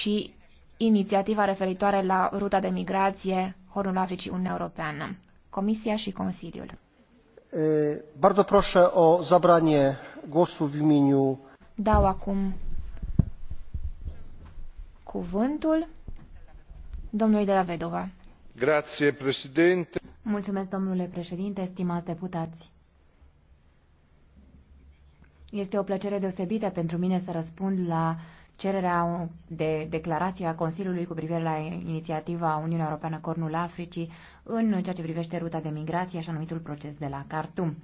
și inițiativa referitoare la ruta de migrație Hornul Africii Uniunea Europeană, Comisia și Consiliul. Bardzo proszę o zabranie głosu w imieniu. Dau acum cuvântul domnului de la Vedova. Grazie, președinte. Mulțumesc, domnule președinte, stimați deputați. Este o plăcere deosebită pentru mine să răspund la uh, cererea de declarație a Consiliului cu privire la inițiativa Uniunii Europeană Cornul Africii în ceea ce privește ruta de migrație, așa numitul proces de la Khartoum.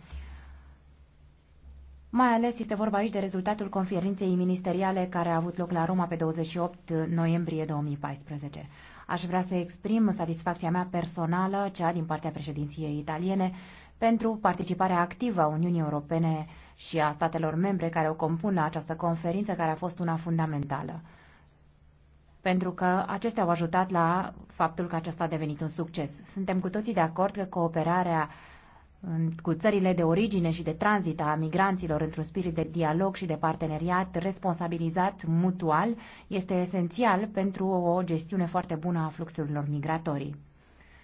Mai ales este vorba aici de rezultatul conferinței ministeriale care a avut loc la Roma pe 28 noiembrie 2014. Aș vrea să exprim satisfacția mea personală, cea din partea președinției italiene, pentru participarea activă a Uniunii Europene și a statelor membre care o compun la această conferință, care a fost una fundamentală. Pentru că acestea au ajutat la faptul că acesta a devenit un succes. Suntem cu toții de acord că cooperarea cu țările de origine și de tranzit a migranților într-un spirit de dialog și de parteneriat responsabilizat mutual este esențial pentru o gestiune foarte bună a fluxurilor migratorii.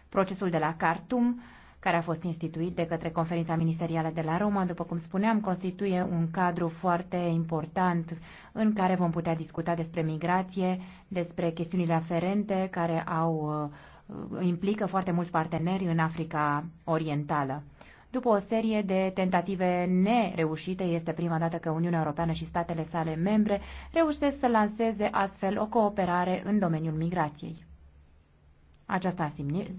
Procesul de la Khartoum care a fost instituit de către conferința ministerială de la Roma. După cum spuneam, constituie un cadru foarte important în care vom putea discuta despre migrație, despre chestiunile aferente care au, uh, implică foarte mulți parteneri în Africa Orientală. După o serie de tentative nereușite, este prima dată că Uniunea Europeană și statele sale membre reușesc să lanseze astfel o cooperare în domeniul migrației. Aceasta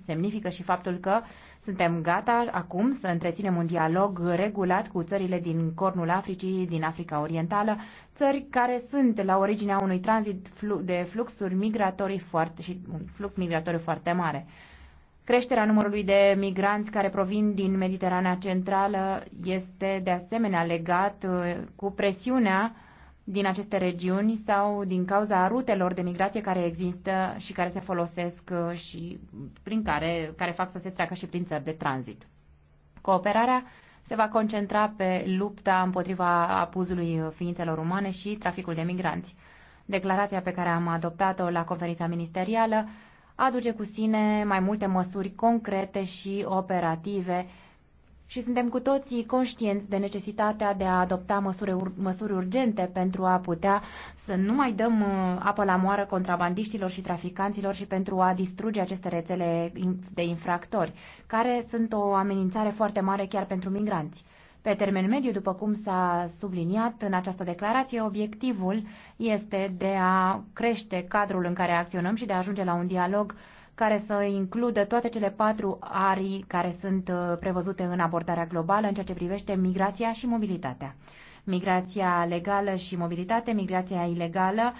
semnifică și faptul că suntem gata acum să întreținem un dialog regulat cu țările din Cornul Africii, din Africa Orientală, țări care sunt la originea unui tranzit de fluxuri migratorii foarte, și un flux migratoriu foarte mare. Creșterea numărului de migranți care provin din Mediterana Centrală este de asemenea legat uh, cu presiunea din aceste regiuni sau din cauza rutelor de migrație care există și care se folosesc uh, și prin care, care fac să se treacă și prin țări de tranzit. Cooperarea se va concentra pe lupta împotriva abuzului ființelor umane și traficul de migranți. Declarația pe care am adoptat-o la conferința ministerială aduce cu sine mai multe măsuri concrete și operative și suntem cu toții conștienți de necesitatea de a adopta măsuri, măsuri urgente pentru a putea să nu mai dăm uh, apă la moară contrabandiștilor și traficanților și pentru a distruge aceste rețele de infractori, care sunt o amenințare foarte mare chiar pentru migranți. Pe termen mediu, după cum s-a subliniat în această declarație, obiectivul este de a crește cadrul în care acționăm și de a ajunge la un dialog uh, care să includă toate cele patru arii care sunt uh, prevăzute în abordarea globală în ceea ce privește migrația și mobilitatea. Migrația legală și mobilitate, migrația ilegală,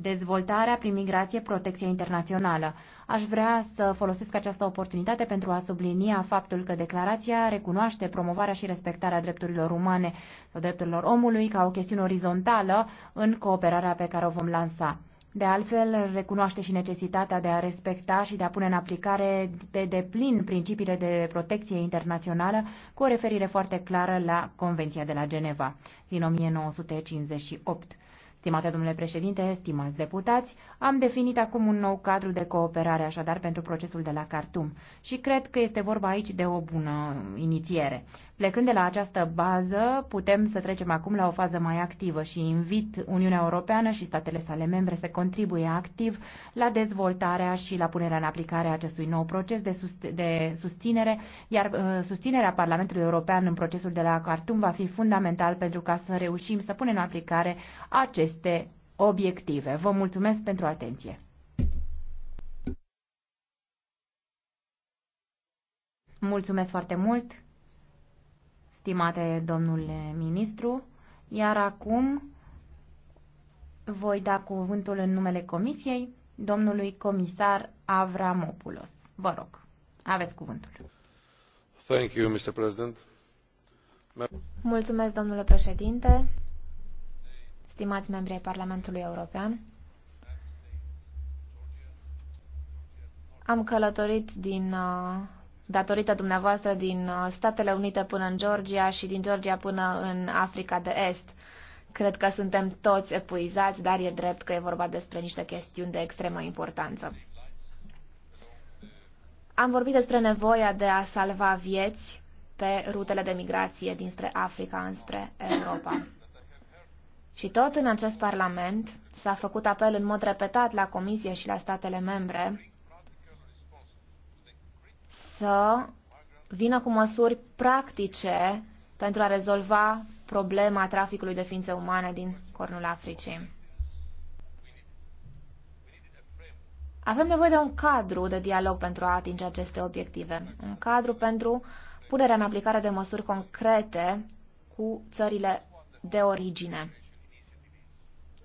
dezvoltarea prin migrație, protecția internațională. Aș vrea să folosesc această oportunitate pentru a sublinia faptul că declarația recunoaște promovarea și respectarea drepturilor umane sau drepturilor omului ca o chestiune orizontală în cooperarea pe care o vom lansa. De altfel, recunoaște și necesitatea de a respecta și de a pune în aplicare pe de deplin principiile de protecție internațională, cu o referire foarte clară la Convenția de la Geneva din 1958. Stimate domnule președinte, stimați deputați, am definit acum un nou cadru de cooperare așadar pentru procesul de la Cartum și cred că este vorba aici de o bună inițiere. Plecând de la această bază, putem să trecem acum la o fază mai activă și invit Uniunea Europeană și statele sale membre să contribuie activ la dezvoltarea și la punerea în aplicare a acestui nou proces de, sus- de susținere, iar uh, susținerea Parlamentului European în procesul de la Khartoum va fi fundamental pentru ca să reușim să punem în aplicare aceste obiective. Vă mulțumesc pentru atenție! Mulțumesc foarte mult! stimate domnule ministru, iar acum voi da cuvântul în numele Comisiei domnului comisar Avramopoulos. Vă rog, aveți cuvântul. Thank you, Mr. President. Mulțumesc, domnule președinte, stimați membri ai Parlamentului European. Am călătorit din uh, datorită dumneavoastră din uh, Statele Unite până în Georgia și din Georgia până în Africa de Est. Cred că suntem toți epuizați, dar e drept că e vorba despre niște chestiuni de extremă importanță. Am vorbit despre nevoia de a salva vieți pe rutele de migrație dinspre Africa înspre Europa. Și tot în acest Parlament s-a făcut apel în mod repetat la Comisie și la statele membre să vină cu măsuri practice pentru a rezolva problema traficului de ființe umane din cornul Africii. Avem nevoie de un cadru de dialog pentru a atinge aceste obiective, un cadru pentru punerea în aplicare de măsuri concrete cu țările de origine.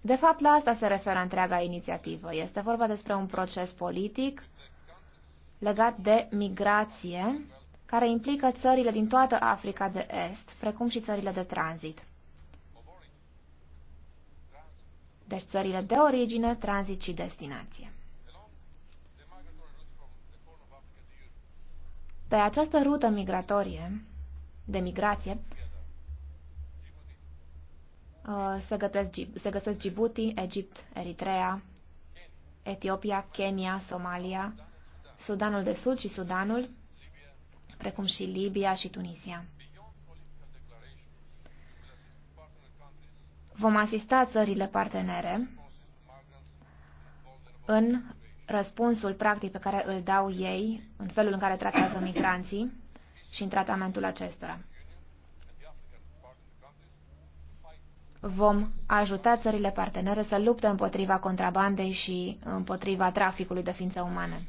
De fapt, la asta se referă întreaga inițiativă. Este vorba despre un proces politic legat de migrație, care implică țările din toată Africa de Est, precum și țările de tranzit. Deci țările de origine, tranzit și destinație. Pe această rută migratorie, de migrație, uh, se găsesc, se găsesc Djibouti, Egipt, Eritrea, Etiopia, Kenya, Somalia, Sudanul de Sud și Sudanul, precum și Libia și Tunisia. Vom asista țările partenere în răspunsul practic pe care îl dau ei, în felul în care tratează migranții și în tratamentul acestora. Vom ajuta țările partenere să lupte împotriva contrabandei și împotriva traficului de ființe umane.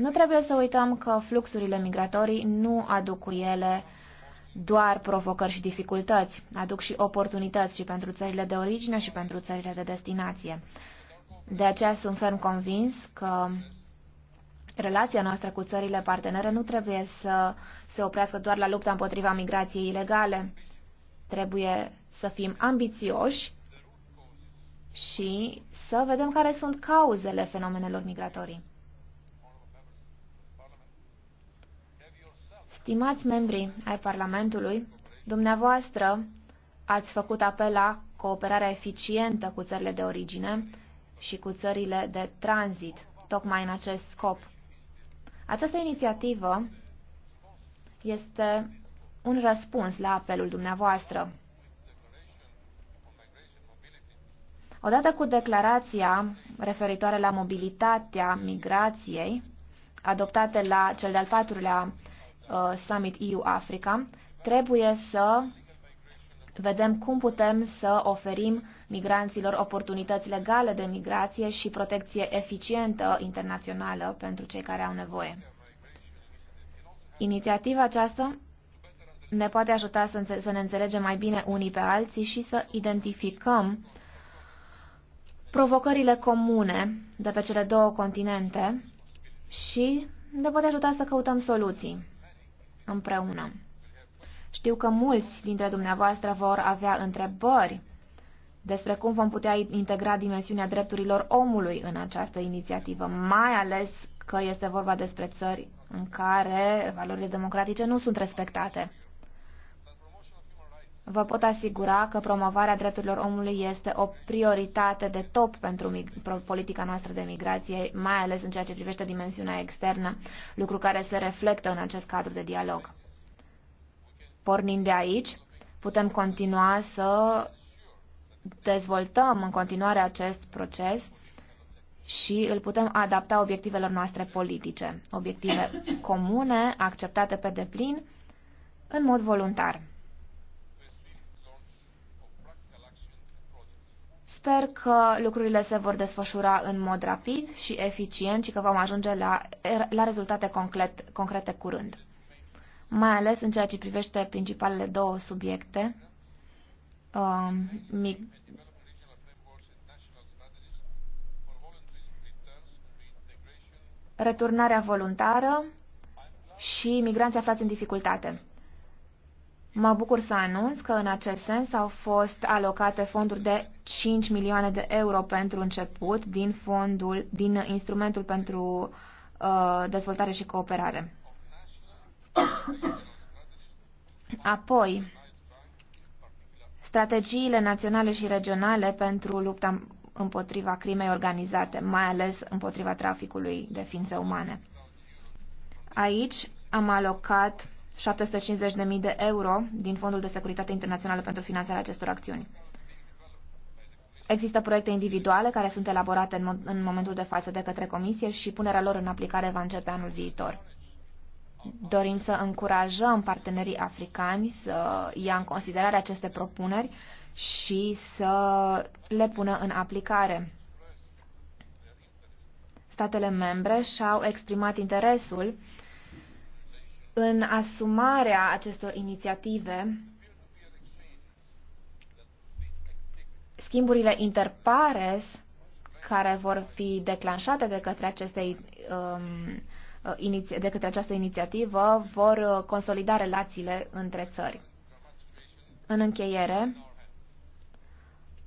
Nu trebuie să uităm că fluxurile migratorii nu aduc cu ele doar provocări și dificultăți, aduc și oportunități și pentru țările de origine și pentru țările de destinație. De aceea sunt ferm convins că relația noastră cu țările partenere nu trebuie să se oprească doar la lupta împotriva migrației ilegale. Trebuie să fim ambițioși și să vedem care sunt cauzele fenomenelor migratorii. Stimați membri ai Parlamentului, dumneavoastră ați făcut apel la cooperarea eficientă cu țările de origine și cu țările de tranzit, tocmai în acest scop. Această inițiativă este un răspuns la apelul dumneavoastră. Odată cu declarația referitoare la mobilitatea migrației, adoptată la cel de-al patrulea Uh, Summit EU-Africa, trebuie să vedem cum putem să oferim migranților oportunități legale de migrație și protecție eficientă internațională pentru cei care au nevoie. Inițiativa aceasta ne poate ajuta să, să ne înțelegem mai bine unii pe alții și să identificăm provocările comune de pe cele două continente și ne poate ajuta să căutăm soluții împreună. Știu că mulți dintre dumneavoastră vor avea întrebări despre cum vom putea integra dimensiunea drepturilor omului în această inițiativă, mai ales că este vorba despre țări în care valorile democratice nu sunt respectate. Vă pot asigura că promovarea drepturilor omului este o prioritate de top pentru politica noastră de migrație, mai ales în ceea ce privește dimensiunea externă, lucru care se reflectă în acest cadru de dialog. Pornind de aici, putem continua să dezvoltăm în continuare acest proces și îl putem adapta obiectivelor noastre politice, obiective comune, acceptate pe deplin, în mod voluntar. Sper că lucrurile se vor desfășura în mod rapid și eficient și că vom ajunge la, la rezultate concret, concrete curând. Mai ales în ceea ce privește principalele două subiecte, um, mic, returnarea voluntară și migranții aflați în dificultate. Mă bucur să anunț că în acest sens au fost alocate fonduri de 5 milioane de euro pentru început din fondul din instrumentul pentru uh, dezvoltare și cooperare. Apoi, strategiile naționale și regionale pentru lupta împotriva crimei organizate, mai ales împotriva traficului de ființe umane. Aici am alocat 750.000 de euro din Fondul de Securitate Internațională pentru finanțarea acestor acțiuni. Există proiecte individuale care sunt elaborate în, mo- în momentul de față de către Comisie și punerea lor în aplicare va începe anul viitor. Dorim să încurajăm partenerii africani să ia în considerare aceste propuneri și să le pună în aplicare. Statele membre și-au exprimat interesul în asumarea acestor inițiative, schimburile interpares care vor fi declanșate de către, aceste, um, uh, de către această inițiativă vor consolida relațiile între țări. În încheiere,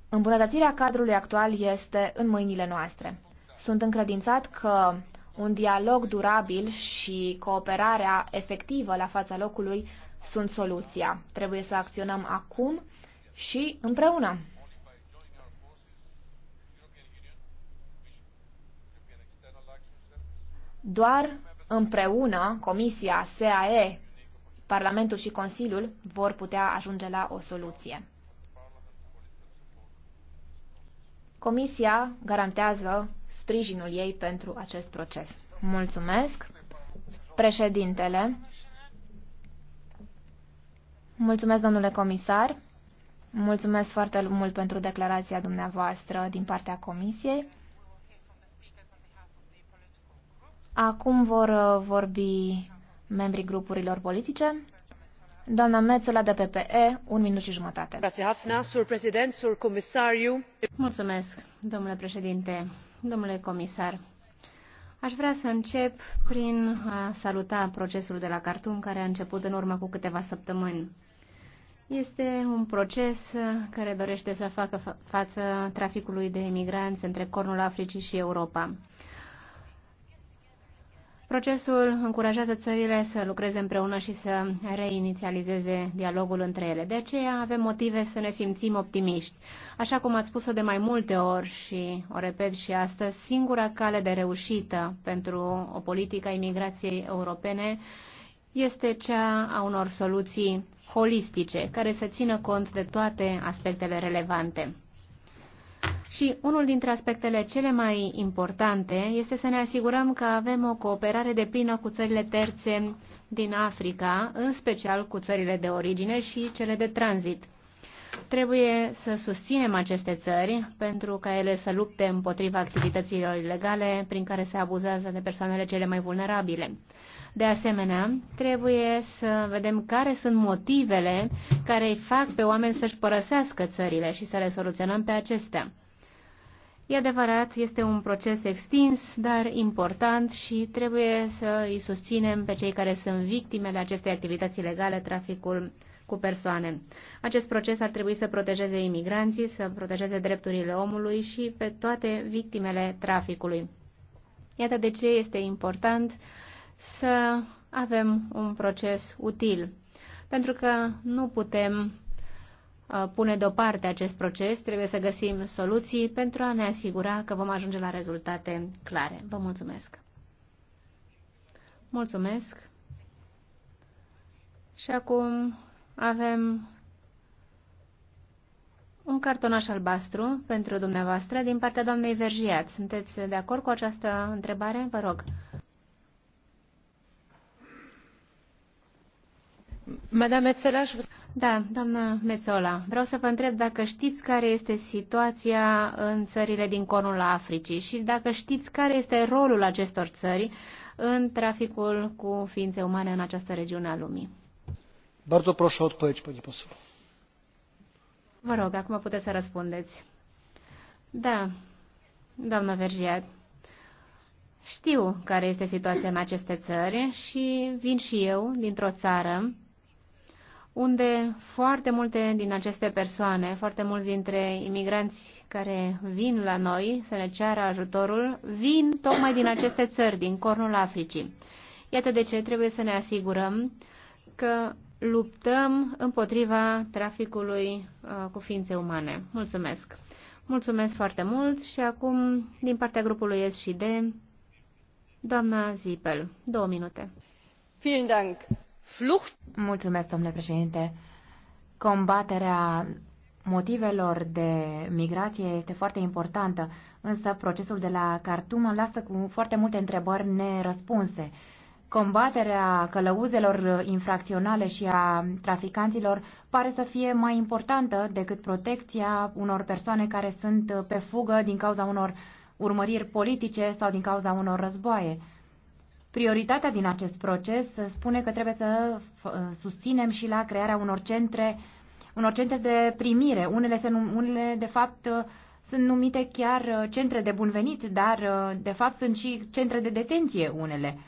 îmbunătățirea cadrului actual este în mâinile noastre. Sunt încredințat că un dialog durabil și cooperarea efectivă la fața locului sunt soluția. Trebuie să acționăm acum și împreună. Doar împreună Comisia, SAE, Parlamentul și Consiliul vor putea ajunge la o soluție. Comisia garantează sprijinul ei pentru acest proces. Mulțumesc. Președintele. Mulțumesc, domnule comisar. Mulțumesc foarte mult pentru declarația dumneavoastră din partea Comisiei. Acum vor uh, vorbi membrii grupurilor politice. Doamna Mețula de PPE, un minut și jumătate. Mulțumesc, domnule președinte domnule comisar. Aș vrea să încep prin a saluta procesul de la Cartum, care a început în urmă cu câteva săptămâni. Este un proces care dorește să facă față traficului de emigranți între cornul Africii și Europa. Procesul încurajează țările să lucreze împreună și să reinițializeze dialogul între ele. De aceea avem motive să ne simțim optimiști. Așa cum ați spus-o de mai multe ori și o repet și astăzi, singura cale de reușită pentru o politică a imigrației europene este cea a unor soluții holistice, care să țină cont de toate aspectele relevante. Și unul dintre aspectele cele mai importante este să ne asigurăm că avem o cooperare de plină cu țările terțe din Africa, în special cu țările de origine și cele de tranzit. Trebuie să susținem aceste țări pentru ca ele să lupte împotriva activităților ilegale prin care se abuzează de persoanele cele mai vulnerabile. De asemenea, trebuie să vedem care sunt motivele care îi fac pe oameni să-și părăsească țările și să le soluționăm pe acestea. E adevărat, este un proces extins, dar important și trebuie să îi susținem pe cei care sunt victimele acestei activități ilegale, traficul cu persoane. Acest proces ar trebui să protejeze imigranții, să protejeze drepturile omului și pe toate victimele traficului. Iată de ce este important să avem un proces util, pentru că nu putem Uh, pune deoparte acest proces, trebuie să găsim soluții pentru a ne asigura că vom ajunge la rezultate clare. Vă mulțumesc! Mulțumesc! Și acum avem un cartonaș albastru pentru dumneavoastră din partea doamnei Vergiat. Sunteți de acord cu această întrebare? Vă rog. Madame Etzelaș, da, doamna Mețola, vreau să vă întreb dacă știți care este situația în țările din cornul Africii și dacă știți care este rolul acestor țări în traficul cu ființe umane în această regiune a lumii. Bardzo proszę o odpowiedź, pani poseł. Vă rog, acum puteți să răspundeți. Da, doamna Vergiat, știu care este situația în aceste țări și vin și eu dintr-o țară unde foarte multe din aceste persoane, foarte mulți dintre imigranți care vin la noi să ne ceară ajutorul, vin tocmai din aceste țări, din cornul Africii. Iată de ce trebuie să ne asigurăm că luptăm împotriva traficului uh, cu ființe umane. Mulțumesc! Mulțumesc foarte mult și acum, din partea grupului S și D, doamna Zipel, două minute. Vielen Dank. Flucht. Mulțumesc, domnule președinte. Combaterea motivelor de migrație este foarte importantă, însă procesul de la Khartoum lasă cu foarte multe întrebări nerăspunse. Combaterea călăuzelor infracționale și a traficanților pare să fie mai importantă decât protecția unor persoane care sunt pe fugă din cauza unor urmăriri politice sau din cauza unor războaie. Prioritatea din acest proces spune că trebuie să susținem și la crearea unor centre, unor centre de primire. Unele, se num, unele de fapt, sunt numite chiar uh, centre de bunvenit, dar, uh, de fapt, sunt și centre de detenție unele.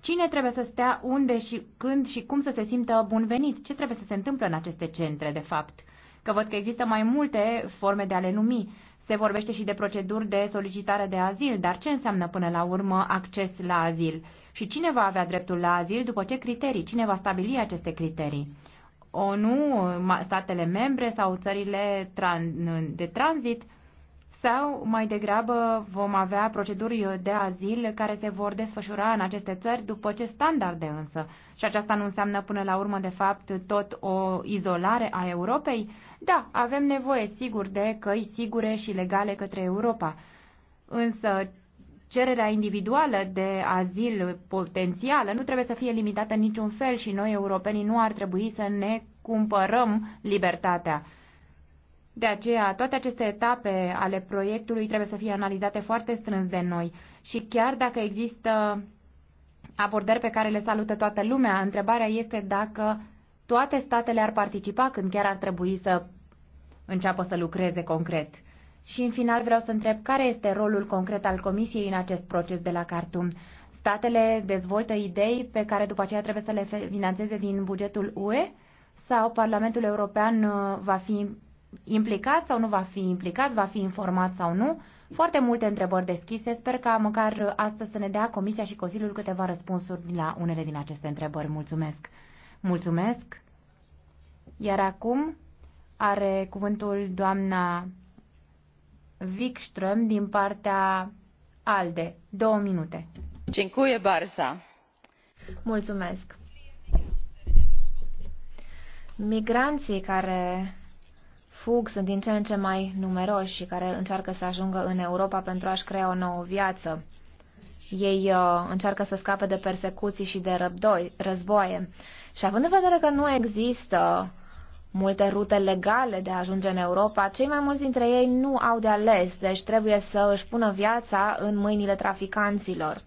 Cine trebuie să stea unde și când și cum să se simtă bunvenit? Ce trebuie să se întâmple în aceste centre, de fapt? Că văd că există mai multe forme de a le numi. Se vorbește și de proceduri de solicitare de azil, dar ce înseamnă până la urmă acces la azil? Și cine va avea dreptul la azil? După ce criterii? Cine va stabili aceste criterii? ONU, statele membre sau țările de tranzit? Sau mai degrabă vom avea proceduri de azil care se vor desfășura în aceste țări după ce standarde însă? Și aceasta nu înseamnă până la urmă de fapt tot o izolare a Europei? Da, avem nevoie sigur de căi sigure și legale către Europa. Însă cererea individuală de azil potențială nu trebuie să fie limitată în niciun fel și noi, europenii, nu ar trebui să ne cumpărăm libertatea. De aceea, toate aceste etape ale proiectului trebuie să fie analizate foarte strâns de noi și chiar dacă există abordări pe care le salută toată lumea, întrebarea este dacă toate statele ar participa când chiar ar trebui să înceapă să lucreze concret. Și în final vreau să întreb care este rolul concret al Comisiei în acest proces de la Khartoum. Statele dezvoltă idei pe care după aceea trebuie să le finanțeze din bugetul UE sau Parlamentul European uh, va fi implicat sau nu va fi implicat, va fi informat sau nu. Foarte multe întrebări deschise. Sper ca măcar astăzi să ne dea Comisia și Consiliul câteva răspunsuri la unele din aceste întrebări. Mulțumesc! Mulțumesc! Iar acum are cuvântul doamna Wikström din partea ALDE. Două minute. Cincuie Barsa. Mulțumesc. Migranții care fug sunt din ce în ce mai numeroși și care încearcă să ajungă în Europa pentru a-și crea o nouă viață. Ei uh, încearcă să scape de persecuții și de răbdoi, războaie. Și având în vedere că nu există multe rute legale de a ajunge în Europa, cei mai mulți dintre ei nu au de ales, deci trebuie să își pună viața în mâinile traficanților.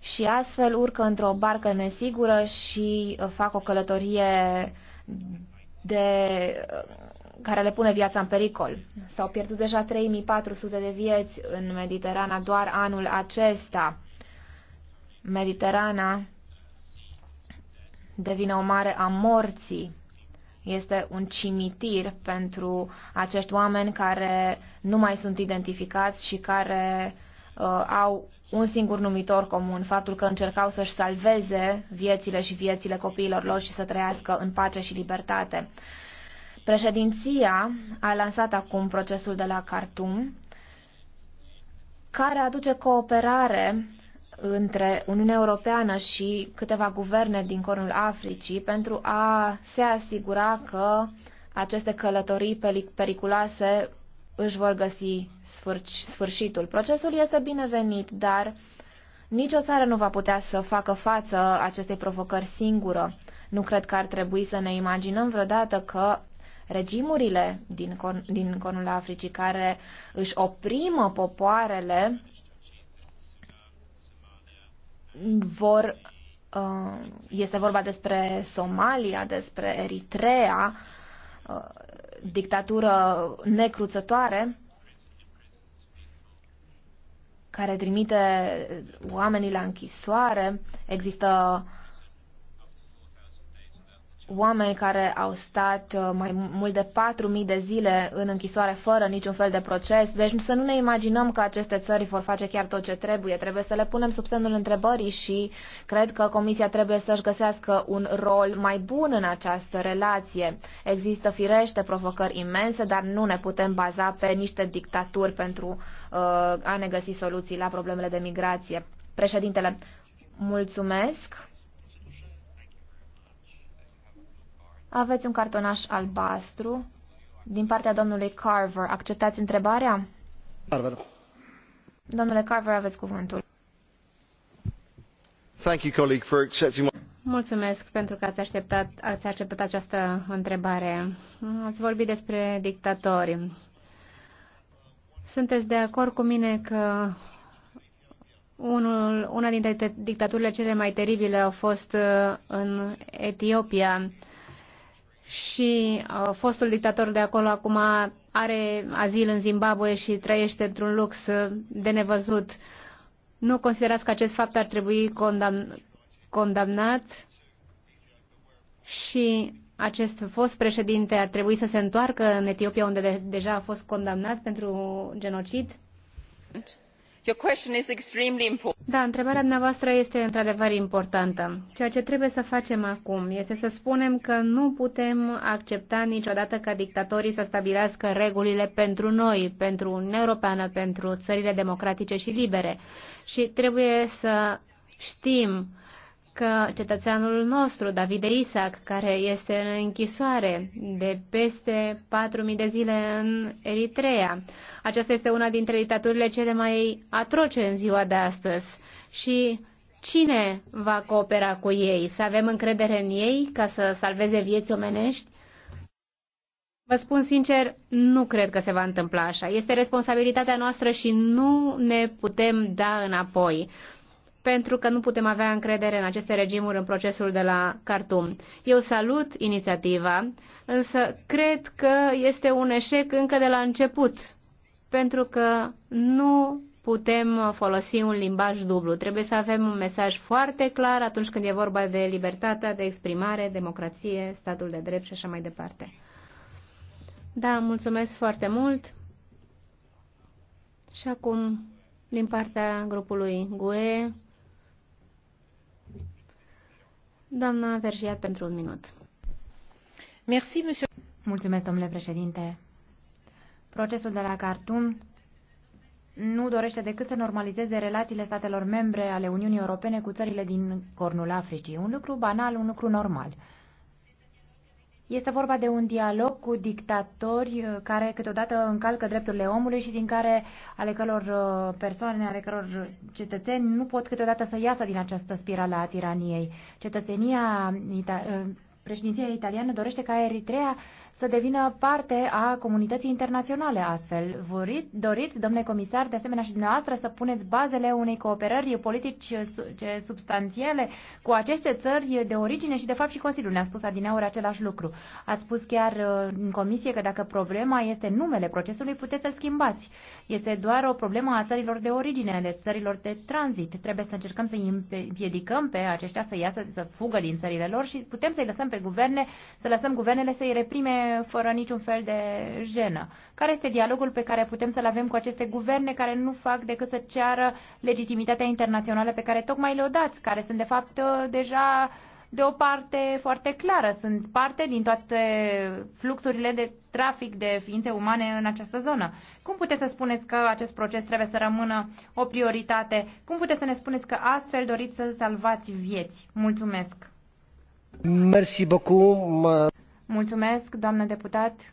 Și astfel urcă într-o barcă nesigură și uh, fac o călătorie de uh, care le pune viața în pericol. S-au pierdut deja 3400 de vieți în Mediterana doar anul acesta. Mediterana devine o mare a morții. Este un cimitir pentru acești oameni care nu mai sunt identificați și care uh, au un singur numitor comun, faptul că încercau să-și salveze viețile și viețile copiilor lor și să trăiască în pace și libertate. Președinția a lansat acum procesul de la Khartoum, care aduce cooperare între Uniunea Europeană și câteva guverne din Cornul Africii pentru a se asigura că aceste călătorii periculoase își vor găsi sfârșitul. Procesul este binevenit, dar nicio țară nu va putea să facă față acestei provocări singură. Nu cred că ar trebui să ne imaginăm vreodată că regimurile din, Corn- din Cornul Africii care își oprimă popoarele vor, uh, este vorba despre Somalia, despre Eritrea, uh, dictatură necruțătoare care trimite oamenii la închisoare. Există oameni care au stat uh, mai mult de 4.000 de zile în închisoare fără niciun fel de proces. Deci să nu ne imaginăm că aceste țări vor face chiar tot ce trebuie. Trebuie să le punem sub semnul întrebării și cred că Comisia trebuie să-și găsească un rol mai bun în această relație. Există firește provocări imense, dar nu ne putem baza pe niște dictaturi pentru uh, a ne găsi soluții la problemele de migrație. Președintele, mulțumesc. Aveți un cartonaș albastru din partea domnului Carver. Acceptați întrebarea? Carver. Domnule Carver, aveți cuvântul. Thank you, colleague, for accepting Mulțumesc pentru că ați așteptat ați acceptat această întrebare. Ați vorbit despre dictatori. Sunteți de acord cu mine că unul, una dintre dictaturile cele mai teribile a fost uh, în Etiopia? și uh, fostul dictator de acolo acum are azil în Zimbabwe și trăiește într-un lux uh, de nevăzut. Nu considerați că acest fapt ar trebui condamn- condamnat și acest fost președinte ar trebui să se întoarcă în Etiopia unde de- deja a fost condamnat pentru genocid? Da, întrebarea dumneavoastră este într-adevăr importantă. Ceea ce trebuie să facem acum este să spunem că nu putem accepta niciodată ca dictatorii să stabilească regulile pentru noi, pentru Uniunea Europeană, pentru țările democratice și libere. Și trebuie să știm că cetățeanul nostru, Davide Isaac, care este în închisoare de peste 4.000 de zile în Eritrea. Aceasta este una dintre dictaturile cele mai atroce în ziua de astăzi. Și cine va coopera cu ei? Să avem încredere în ei ca să salveze vieți omenești? Vă spun sincer, nu cred că se va întâmpla așa. Este responsabilitatea noastră și nu ne putem da înapoi pentru că nu putem avea încredere în aceste regimuri în procesul de la Khartoum. Eu salut inițiativa, însă cred că este un eșec încă de la început, pentru că nu putem folosi un limbaj dublu. Trebuie să avem un mesaj foarte clar atunci când e vorba de libertatea de exprimare, democrație, statul de drept și așa mai departe. Da, mulțumesc foarte mult. Și acum, din partea grupului GUE, Doamna Verjiat, pentru un minut. Merci, monsieur. Mulțumesc, domnule președinte. Procesul de la Khartoum nu dorește decât să normalizeze relațiile statelor membre ale Uniunii Europene cu țările din cornul Africii. Un lucru banal, un lucru normal. Este vorba de un dialog cu dictatori uh, care câteodată încalcă drepturile omului și din care uh, ale căror uh, persoane, ale căror cetățeni nu pot câteodată să iasă din această spirală a tiraniei. Cetățenia, președinția italiană dorește ca Eritrea să devină parte a comunității internaționale astfel. Vorit, doriți, domnule comisar, de asemenea și dumneavoastră să puneți bazele unei cooperări politici substanțiale cu aceste țări de origine și de fapt și Consiliul ne-a spus adineauri același lucru. Ați spus chiar uh, în comisie că dacă problema este numele procesului, puteți să-l schimbați. Este doar o problemă a țărilor de origine, ale țărilor de tranzit. Trebuie să încercăm să împiedicăm pe aceștia să iasă, să fugă din țările lor și putem să-i lăsăm pe guverne, să lăsăm guvernele să-i reprime fără niciun fel de jenă. Care este dialogul pe care putem să-l avem cu aceste guverne care nu fac decât să ceară legitimitatea internațională pe care tocmai le-o dați, care sunt de fapt deja de o parte foarte clară, sunt parte din toate fluxurile de trafic de ființe umane în această zonă. Cum puteți să spuneți că acest proces trebuie să rămână o prioritate? Cum puteți să ne spuneți că astfel doriți să salvați vieți? Mulțumesc! Merci beaucoup. Mulțumesc, doamnă deputat.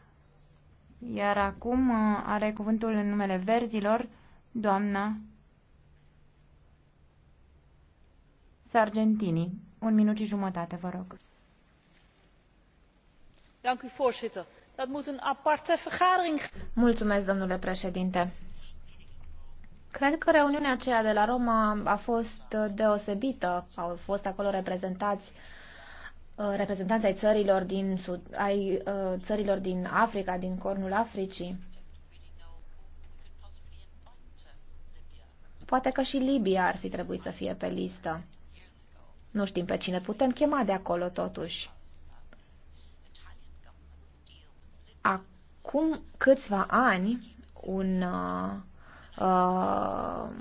Iar acum uh, are cuvântul în numele verzilor doamna Sargentini. Un minut și jumătate, vă rog. Mulțumesc, domnule președinte. Cred că reuniunea aceea de la Roma a fost uh, deosebită. Au fost acolo reprezentați uh, Uh, reprezentanți ai țărilor din, sud, ai uh, țărilor din Africa, din cornul Africii. Poate că și Libia ar fi trebuit să fie pe listă. Nu știm pe cine putem chema de acolo, totuși. Acum câțiva ani, un, uh, uh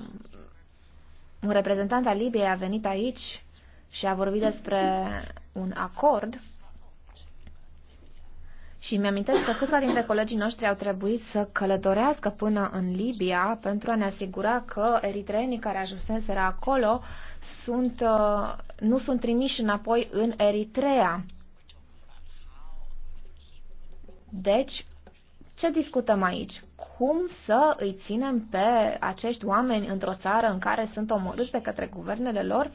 un reprezentant al Libiei a venit aici și a vorbit despre un acord și mi-amintesc că câțiva dintre colegii noștri au trebuit să călătorească până în Libia pentru a ne asigura că eritreenii care ajunseseră acolo sunt, uh, nu sunt trimiși înapoi în Eritrea. Deci, ce discutăm aici? Cum să îi ținem pe acești oameni într-o țară în care sunt omorâți de către guvernele lor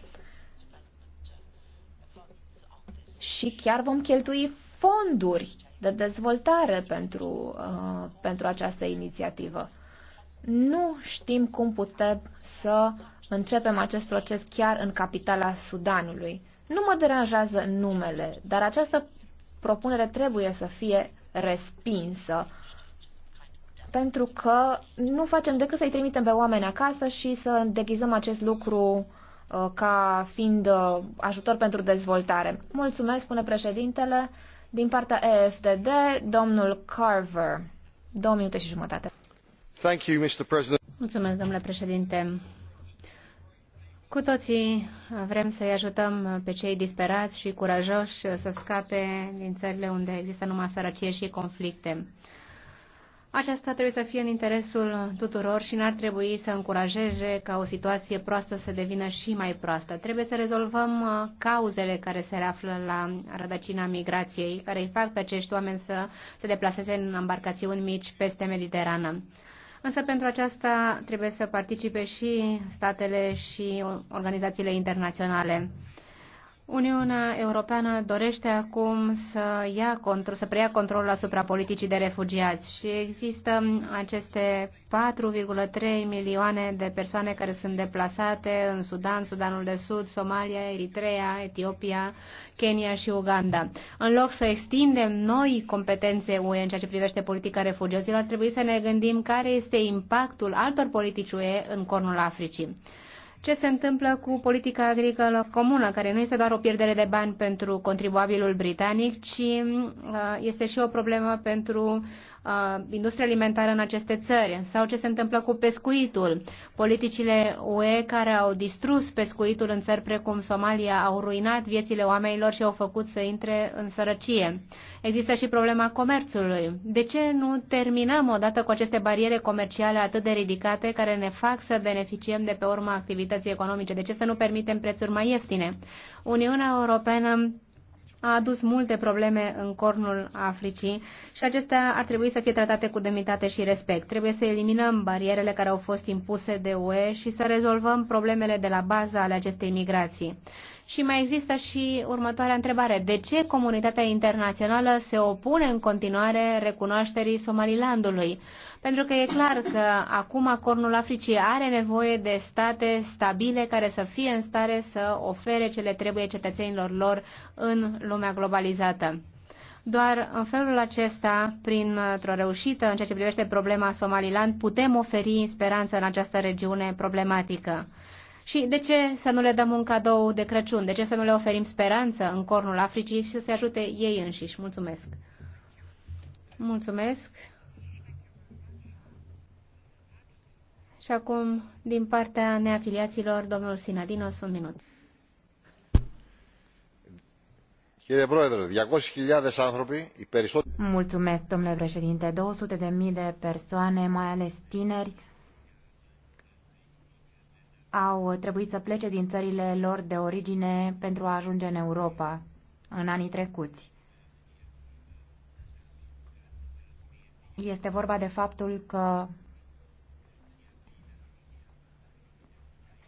și chiar vom cheltui fonduri de dezvoltare pentru, uh, pentru această inițiativă. Nu știm cum putem să începem acest proces chiar în capitala Sudanului. Nu mă deranjează numele, dar această propunere trebuie să fie respinsă pentru că nu facem decât să-i trimitem pe oameni acasă și să deghizăm acest lucru Uh, ca fiind uh, ajutor pentru dezvoltare. Mulțumesc, spune președintele, din partea EFDD, domnul Carver. Două minute și jumătate. Thank you, Mr. President. Mulțumesc, domnule președinte. Cu toții vrem să-i ajutăm pe cei disperați și curajoși să scape din țările unde există numai sărăcie și conflicte. Aceasta trebuie să fie în interesul tuturor și n-ar trebui să încurajeze ca o situație proastă să devină și mai proastă. Trebuie să rezolvăm uh, cauzele care se află la rădăcina migrației, care îi fac pe acești oameni să se deplaseze în embarcațiuni mici peste Mediterană. Însă pentru aceasta trebuie să participe și statele și organizațiile internaționale. Uniunea Europeană dorește acum să, ia control, să preia controlul asupra politicii de refugiați și există aceste 4,3 milioane de persoane care sunt deplasate în Sudan, Sudanul de Sud, Somalia, Eritrea, Etiopia, Kenya și Uganda. În loc să extindem noi competențe UE în ceea ce privește politica refugiaților, ar trebui să ne gândim care este impactul altor politici UE în cornul Africii ce se întâmplă cu politica agricolă comună, care nu este doar o pierdere de bani pentru contribuabilul britanic, ci uh, este și o problemă pentru Uh, industria alimentară în aceste țări sau ce se întâmplă cu pescuitul. Politicile UE care au distrus pescuitul în țări precum Somalia au ruinat viețile oamenilor și au făcut să intre în sărăcie. Există și problema comerțului. De ce nu terminăm odată cu aceste bariere comerciale atât de ridicate care ne fac să beneficiem de pe urma activității economice? De ce să nu permitem prețuri mai ieftine? Uniunea Europeană a adus multe probleme în cornul Africii și acestea ar trebui să fie tratate cu demnitate și respect. Trebuie să eliminăm barierele care au fost impuse de UE și să rezolvăm problemele de la bază ale acestei migrații. Și mai există și următoarea întrebare. De ce comunitatea internațională se opune în continuare recunoașterii Somalilandului? Pentru că e clar că acum Cornul Africii are nevoie de state stabile care să fie în stare să ofere ce le trebuie cetățenilor lor în lumea globalizată. Doar în felul acesta, printr-o reușită în ceea ce privește problema Somaliland, putem oferi speranță în această regiune problematică. Și de ce să nu le dăm un cadou de Crăciun? De ce să nu le oferim speranță în cornul Africii și să se ajute ei înșiși? Mulțumesc! Mulțumesc! Și acum, din partea neafiliaților, domnul Sinadinos, un minut. Mulțumesc, domnule președinte. 200.000 de persoane, mai ales tineri, au trebuit să plece din țările lor de origine pentru a ajunge în Europa în anii trecuți. Este vorba de faptul că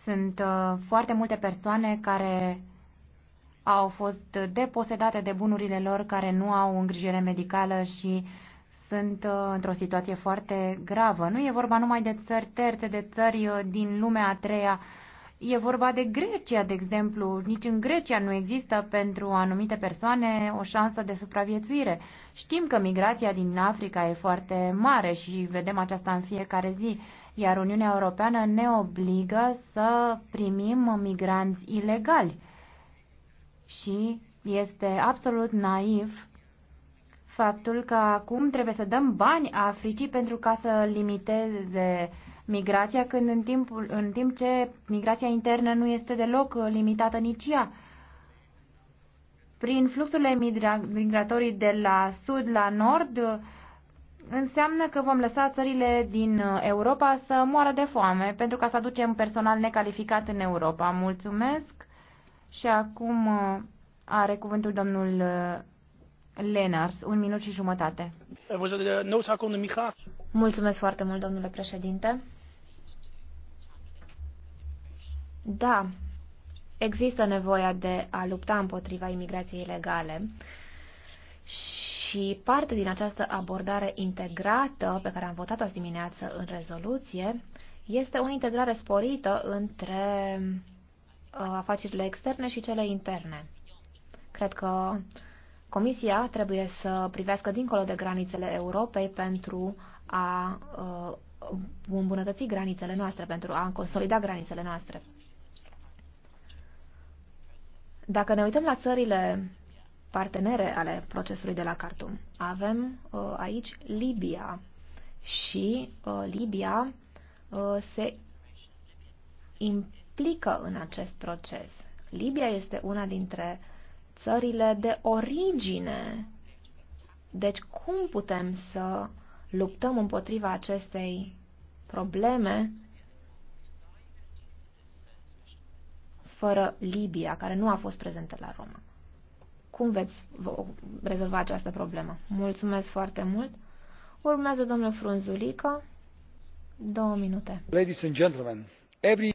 sunt uh, foarte multe persoane care au fost deposedate de bunurile lor, care nu au îngrijire medicală și sunt uh, într-o situație foarte gravă. Nu e vorba numai de țări terțe, de țări uh, din lumea a treia. E vorba de Grecia, de exemplu. Nici în Grecia nu există pentru anumite persoane o șansă de supraviețuire. Știm că migrația din Africa e foarte mare și vedem aceasta în fiecare zi, iar Uniunea Europeană ne obligă să primim migranți ilegali. Și este absolut naiv faptul că acum trebuie să dăm bani Africii pentru ca să limiteze migrația, când în, timpul, în timp ce migrația internă nu este deloc uh, limitată nici ea. Prin fluxurile migratorii de la sud la nord, uh, înseamnă că vom lăsa țările din uh, Europa să moară de foame pentru ca să aducem personal necalificat în Europa. Mulțumesc și acum are cuvântul domnul Lenars, un minut și jumătate. Mulțumesc foarte mult, domnule președinte. Da, există nevoia de a lupta împotriva imigrației ilegale și parte din această abordare integrată pe care am votat-o azi dimineață în rezoluție este o integrare sporită între uh, afacerile externe și cele interne. Cred că Comisia trebuie să privească dincolo de granițele Europei pentru a uh, îmbunătăți granițele noastre, pentru a consolida granițele noastre. Dacă ne uităm la țările partenere ale procesului de la Khartoum, avem uh, aici Libia și uh, Libia uh, se implică în acest proces. Libia este una dintre țările de origine. Deci cum putem să luptăm împotriva acestei probleme fără Libia, care nu a fost prezentă la Roma? Cum veți rezolva această problemă? Mulțumesc foarte mult! Urmează domnul Frunzulică. Două minute. Ladies and gentlemen,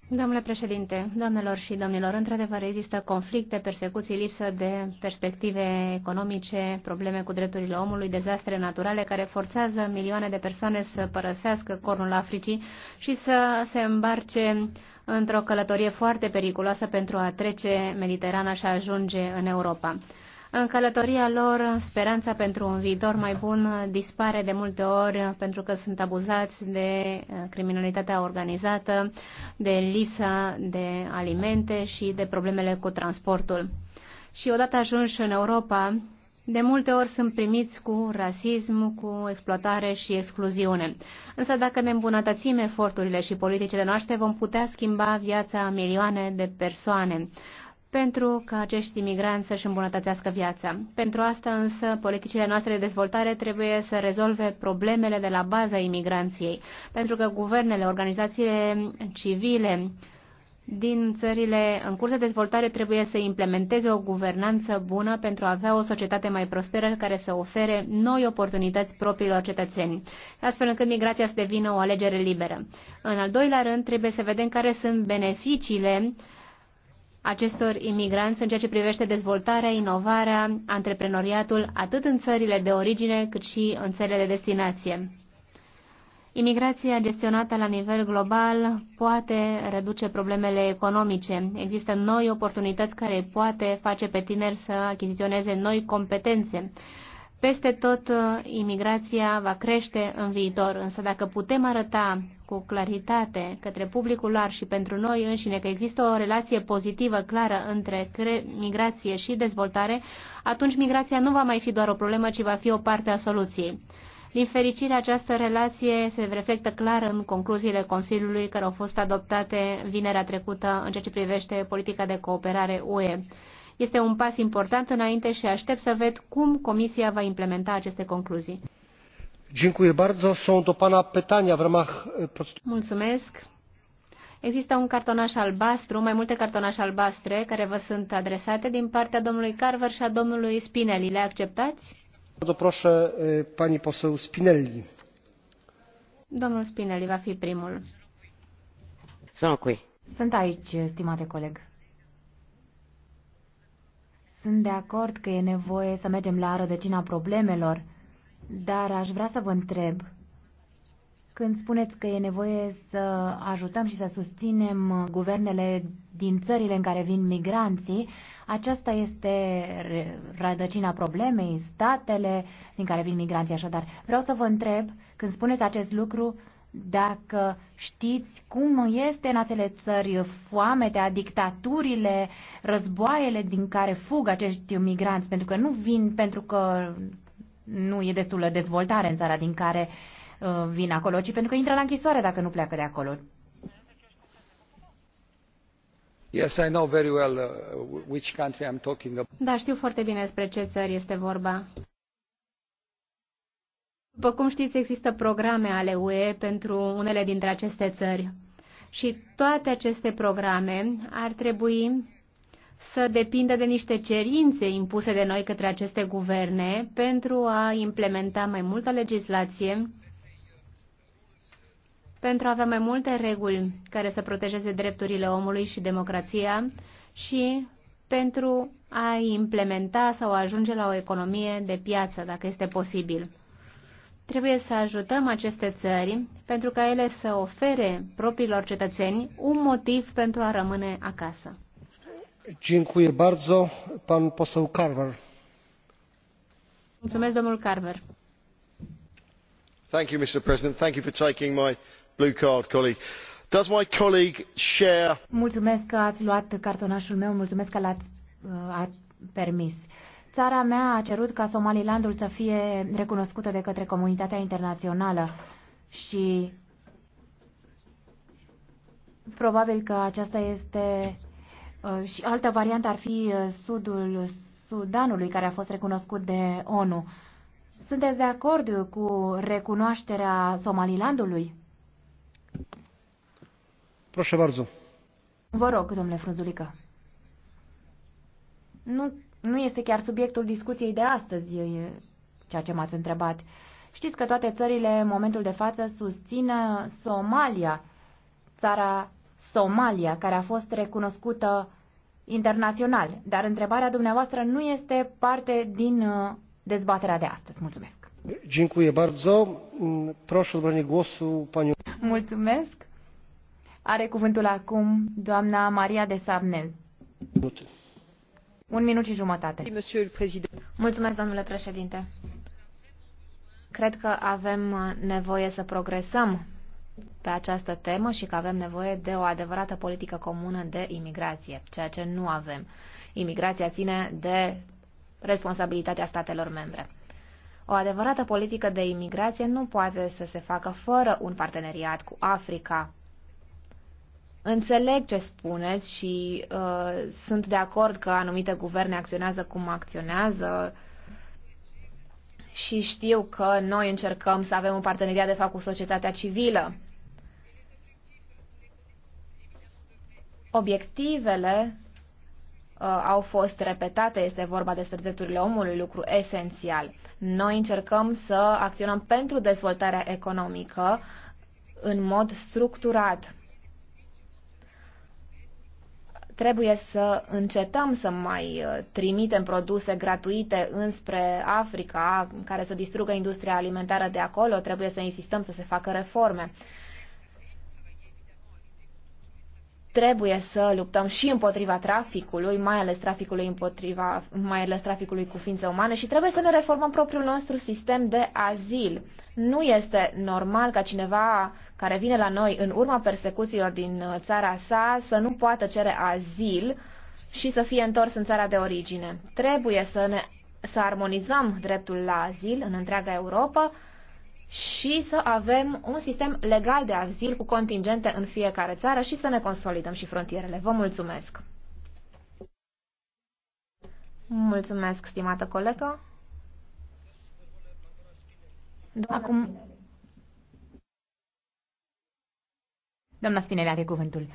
Domnule președinte, doamnelor și domnilor, într-adevăr există conflicte, persecuții, lipsă de perspective economice, probleme cu drepturile omului, dezastre naturale care forțează milioane de persoane să părăsească cornul Africii și să se îmbarce într-o călătorie foarte periculoasă pentru a trece Mediterana și a ajunge în Europa. În călătoria lor, speranța pentru un viitor mai bun dispare de multe ori pentru că sunt abuzați de uh, criminalitatea organizată, de lipsa de alimente și de problemele cu transportul. Și odată ajunși în Europa, de multe ori sunt primiți cu rasism, cu exploatare și excluziune. Însă dacă ne îmbunătățim eforturile și politicile noastre, vom putea schimba viața a milioane de persoane pentru ca acești imigranți să-și îmbunătățească viața. Pentru asta însă, politicile noastre de dezvoltare trebuie să rezolve problemele de la baza imigranției, pentru că guvernele, organizațiile civile din țările în curs de dezvoltare trebuie să implementeze o guvernanță bună pentru a avea o societate mai prosperă care să ofere noi oportunități propriilor cetățeni, astfel încât migrația să devină o alegere liberă. În al doilea rând, trebuie să vedem care sunt beneficiile uh, acestor imigranți în ceea ce privește dezvoltarea, inovarea, antreprenoriatul, atât în țările de origine cât și în țările de destinație. Imigrația gestionată la nivel global poate reduce problemele economice. Există noi oportunități care poate face pe tineri să achiziționeze noi competențe. Peste tot, uh, imigrația va crește în viitor, însă dacă putem arăta cu claritate către publicul larg și pentru noi înșine că există o relație pozitivă, clară, între migrație și dezvoltare, atunci migrația nu va mai fi doar o problemă, ci va fi o parte a soluției. Din fericire, această relație se reflectă clar în concluziile Consiliului care au fost adoptate vinerea trecută în ceea ce privește politica de cooperare UE. Este un pas important înainte și aștept să ved cum Comisia va implementa aceste concluzii. Există un cartonaș albastru, mai multe cartonașe albastre care vă sunt adresate din partea domnului Carver și a domnului Spinelli. Le acceptați? Domnul Spinelli va fi primul. Sunt cu Sunt aici, stimate coleg. Sunt de acord că e nevoie să mergem la rădăcina problemelor dar aș vrea să vă întreb, când spuneți că e nevoie să ajutăm și să susținem guvernele din țările în care vin migranții, aceasta este rădăcina problemei, statele din care vin migranții așadar. Vreau să vă întreb, când spuneți acest lucru, dacă știți cum este în acele țări foametea, dictaturile, războaiele din care fug acești migranți, pentru că nu vin pentru că nu e destulă dezvoltare în țara din care uh, vin acolo, ci pentru că intră la închisoare dacă nu pleacă de acolo. Yes, I know very well uh, which country I'm talking about. Da, știu foarte bine despre ce țări este vorba. După cum știți, există programe ale UE pentru unele dintre aceste țări. Și toate aceste programe ar trebui să depindă de niște cerințe impuse de noi către aceste guverne pentru a implementa mai multă legislație, pentru a avea mai multe reguli care să protejeze drepturile omului și democrația și pentru a implementa sau a ajunge la o economie de piață, dacă este posibil. Trebuie să ajutăm aceste țări pentru ca ele să ofere propriilor cetățeni un motiv pentru a rămâne acasă mr president thank you for taking my blue card colleague. does my colleague share. mulțumesc că ați luat cartonașul meu mulțumesc că l uh, ați permis. Țara mea a cerut ca Somalilandul să fie recunoscută de către comunitatea internațională și probabil că aceasta este Uh, și altă variantă ar fi uh, sudul Sudanului, care a fost recunoscut de ONU. Sunteți de acord cu recunoașterea Somalilandului? Proșe Varzu. Vă rog, domnule Frunzulică. Nu, nu este chiar subiectul discuției de astăzi, ceea ce m-ați întrebat. Știți că toate țările, în momentul de față, susțin Somalia, țara Somalia, care a fost recunoscută internațional. Dar întrebarea dumneavoastră nu este parte din uh, dezbaterea de astăzi. Mulțumesc. Mulțumesc. Are cuvântul acum doamna Maria de Sabnel. Un minut și jumătate. Mulțumesc, domnule președinte. Cred că avem nevoie să progresăm pe această temă și că avem nevoie de o adevărată politică comună de imigrație, ceea ce nu avem. Imigrația ține de responsabilitatea statelor membre. O adevărată politică de imigrație nu poate să se facă fără un parteneriat cu Africa. Înțeleg ce spuneți și uh, sunt de acord că anumite guverne acționează cum acționează și știu că noi încercăm să avem un parteneriat de fapt cu societatea civilă. Obiectivele uh, au fost repetate, este vorba despre drepturile omului, lucru esențial. Noi încercăm să acționăm pentru dezvoltarea economică în mod structurat. Trebuie să încetăm să mai uh, trimitem produse gratuite înspre Africa, care să distrugă industria alimentară de acolo. Trebuie să insistăm să se facă reforme. Uh, Trebuie să luptăm și împotriva traficului, mai ales traficului împotriva, mai ales traficului cu ființe umane și trebuie să ne reformăm propriul nostru sistem de azil. Nu este normal ca cineva care vine la noi în urma persecuțiilor din uh, țara sa să nu poată cere azil și să fie întors în țara de origine. Trebuie să ne să armonizăm dreptul la azil în întreaga Europa și să avem un sistem legal de azil cu contingente în fiecare țară și să ne consolidăm și frontierele. Vă mulțumesc! Mulțumesc, stimată colegă. Doamna Acum... Spinele. Doamna Spinele are cuvântul.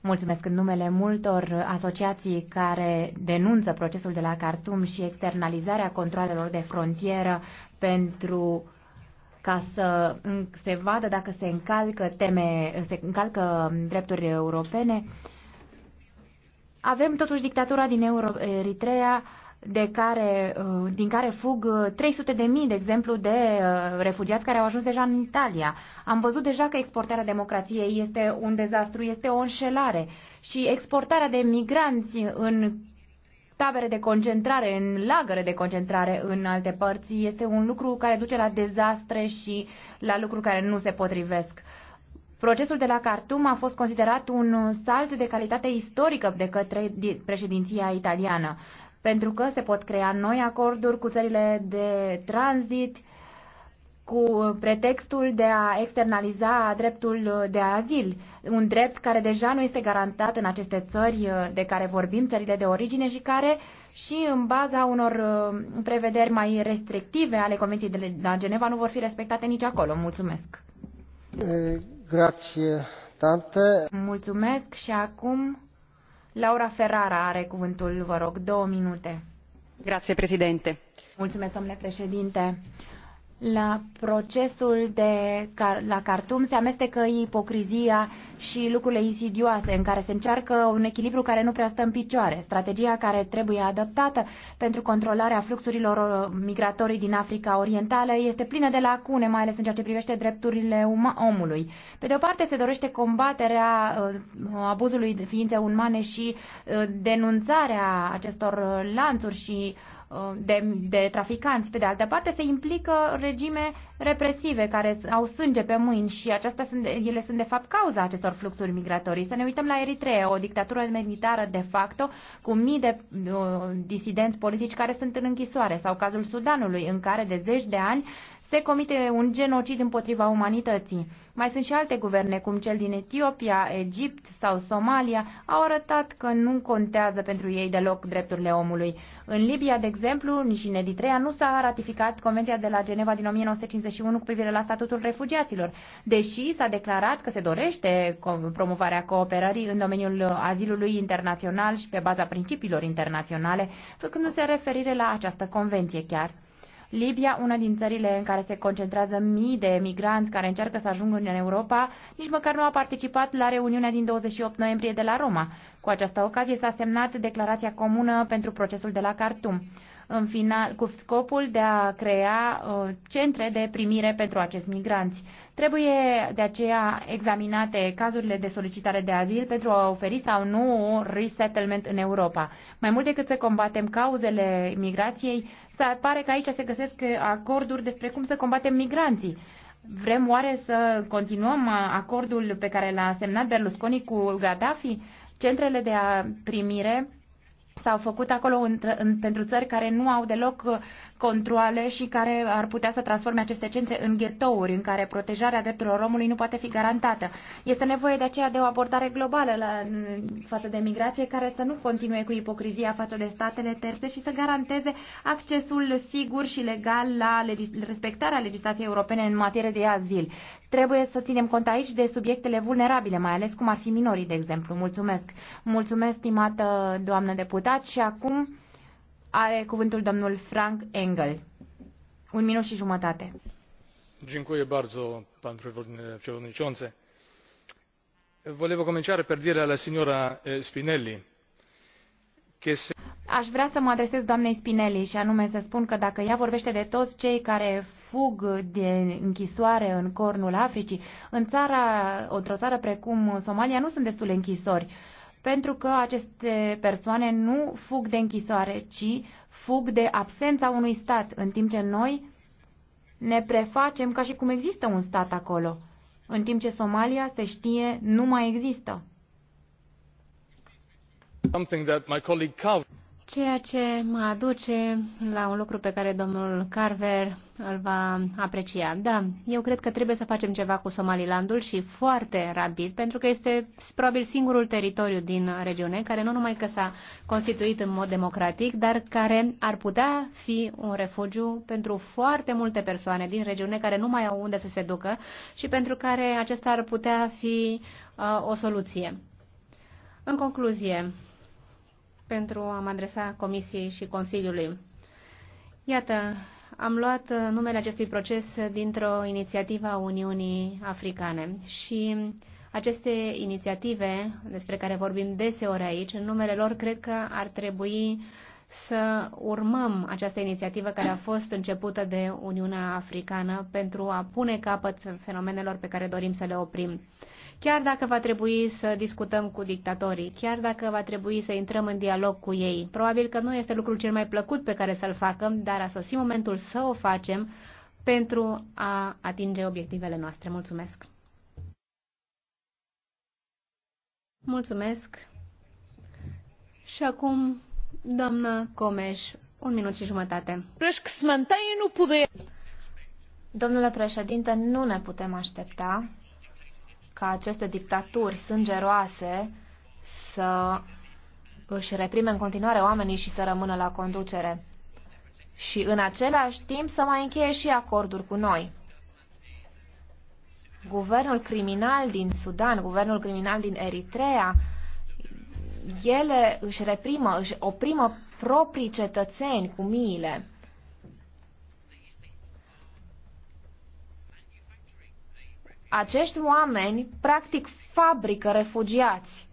Mulțumesc în numele multor asociații care denunță procesul de la Cartum și externalizarea controlelor de frontieră pentru ca să mm, se vadă dacă se încalcă teme, se încalcă mm, drepturi europene. Avem totuși dictatura din Euro- Eritrea, de care, mm, din care fug 300 de mii, de exemplu, de refugiați care au ajuns deja în Italia. Am văzut deja că exportarea democrației este un dezastru, este o înșelare și exportarea de migranți în tabere de concentrare, în lagăre de concentrare în alte părți, este un lucru care duce la dezastre și la lucruri care nu se potrivesc. Procesul de la Khartoum a fost considerat un salt de calitate istorică de către președinția italiană, pentru că se pot crea noi acorduri cu țările de tranzit, cu pretextul de a externaliza dreptul de azil, un drept care deja nu este garantat în aceste țări de care vorbim, țările de origine și care și în baza unor uh, prevederi mai restrictive ale Convenției de la Geneva nu vor fi respectate nici acolo. Mulțumesc. Grație, tante. Mulțumesc și acum Laura Ferrara are cuvântul, vă rog, două minute. Grație, președinte. Mulțumesc, domnule președinte la procesul de la Cartum se amestecă ipocrizia și lucrurile insidioase în care se încearcă un echilibru care nu prea stă în picioare, strategia care trebuie adaptată pentru controlarea fluxurilor uh, migratorii din Africa Orientală este plină de lacune, mai ales în ceea ce privește drepturile omului. Pe de o parte se dorește combaterea uh, abuzului de ființe umane și uh, denunțarea acestor lanțuri și de, de traficanți. Pe de altă parte, se implică regime represive care au sânge pe mâini și acestea sunt, ele sunt de fapt cauza acestor acestor fluxuri migratorii. Să ne uităm la Eritrea, o dictatură militară de facto, cu mii de uh, disidenți politici care sunt în închisoare, sau cazul Sudanului, în care de zeci de ani se comite un genocid împotriva umanității. Mai sunt și alte guverne, cum cel din Etiopia, Egipt sau Somalia, au arătat că nu contează pentru ei deloc drepturile omului. În Libia, de exemplu, nici în Eritrea nu s-a ratificat Convenția de la Geneva din 1951 cu privire la statutul refugiaților, deși s-a declarat că se dorește promovarea cooperării în domeniul azilului internațional și pe baza principiilor internaționale, făcându-se referire la această convenție chiar. Libia, una din țările în care se concentrează mii de emigranți care încearcă să ajungă în Europa, nici măcar nu a participat la reuniunea din 28 noiembrie de la Roma. Cu această ocazie s-a semnat declarația comună pentru procesul de la Khartoum în final, cu scopul de a crea uh, centre de primire pentru acești migranți. Trebuie de aceea examinate cazurile de solicitare de azil pentru a oferi sau nu resettlement în Europa. Mai mult decât să combatem cauzele migrației, se pare că aici se găsesc acorduri despre cum să combatem migranții. Vrem oare să continuăm uh, acordul pe care l-a semnat Berlusconi cu Gaddafi? Centrele de primire s-au făcut acolo pentru țări care nu au deloc controle și care ar putea să transforme aceste centre în ghetouri în care protejarea drepturilor omului nu poate fi garantată. Este nevoie de aceea de o abordare globală la, față de migrație care să nu continue cu ipocrizia față de statele terțe și să garanteze accesul sigur și legal la legis- respectarea legislației europene în materie de azil. Trebuie să ținem cont aici de subiectele vulnerabile, mai ales cum ar fi minorii, de exemplu. Mulțumesc. Mulțumesc, stimată doamnă deputat. Și acum are cuvântul domnul Frank Engel. Un minut și jumătate. Dziękuję bardzo, pan przewodniczący. Volevo cominciare per dire alla signora Spinelli che se... Aș vrea să mă adresez doamnei Spinelli și anume să spun că dacă ea vorbește de toți cei care fug de închisoare în cornul Africii, în țara, o țară precum Somalia nu sunt destule închisori. Uh, pentru că aceste persoane nu fug de închisoare, ci fug de absența unui stat, în timp ce noi ne prefacem ca și cum există un stat acolo, în timp ce Somalia, se știe, nu mai există. Ceea ce mă aduce la un lucru pe care domnul Carver îl va aprecia. Da, eu cred că trebuie să facem ceva cu Somalilandul și foarte rapid, pentru că este probabil singurul teritoriu din regiune care nu numai că s-a constituit în mod democratic, dar care ar putea fi un refugiu pentru foarte multe persoane din regiune care nu mai au unde să se ducă și pentru care acesta ar putea fi uh, o soluție. În concluzie, pentru a mă adresa Comisiei și Consiliului. Iată, am luat numele acestui proces dintr-o inițiativă a Uniunii Africane și aceste inițiative, despre care vorbim deseori aici, în numele lor cred că ar trebui să urmăm această inițiativă care a fost începută de Uniunea Africană pentru a pune capăt fenomenelor pe care dorim să le oprim chiar dacă va trebui să discutăm cu dictatorii, chiar dacă va trebui să intrăm în dialog cu ei. Probabil că nu este lucrul cel mai plăcut pe care să-l facem, dar a sosit momentul să o facem pentru a atinge obiectivele noastre. Mulțumesc! Mulțumesc! Și acum, doamna Comeș, un minut și jumătate. Domnule președinte, nu ne putem aștepta ca aceste dictaturi sângeroase să își reprime în continuare oamenii și să rămână la conducere. Și în același timp să mai încheie și acorduri cu noi. Guvernul criminal din Sudan, guvernul criminal din Eritrea, ele își reprimă, își oprimă proprii cetățeni cu miile. Acești oameni, practic, fabrică refugiați.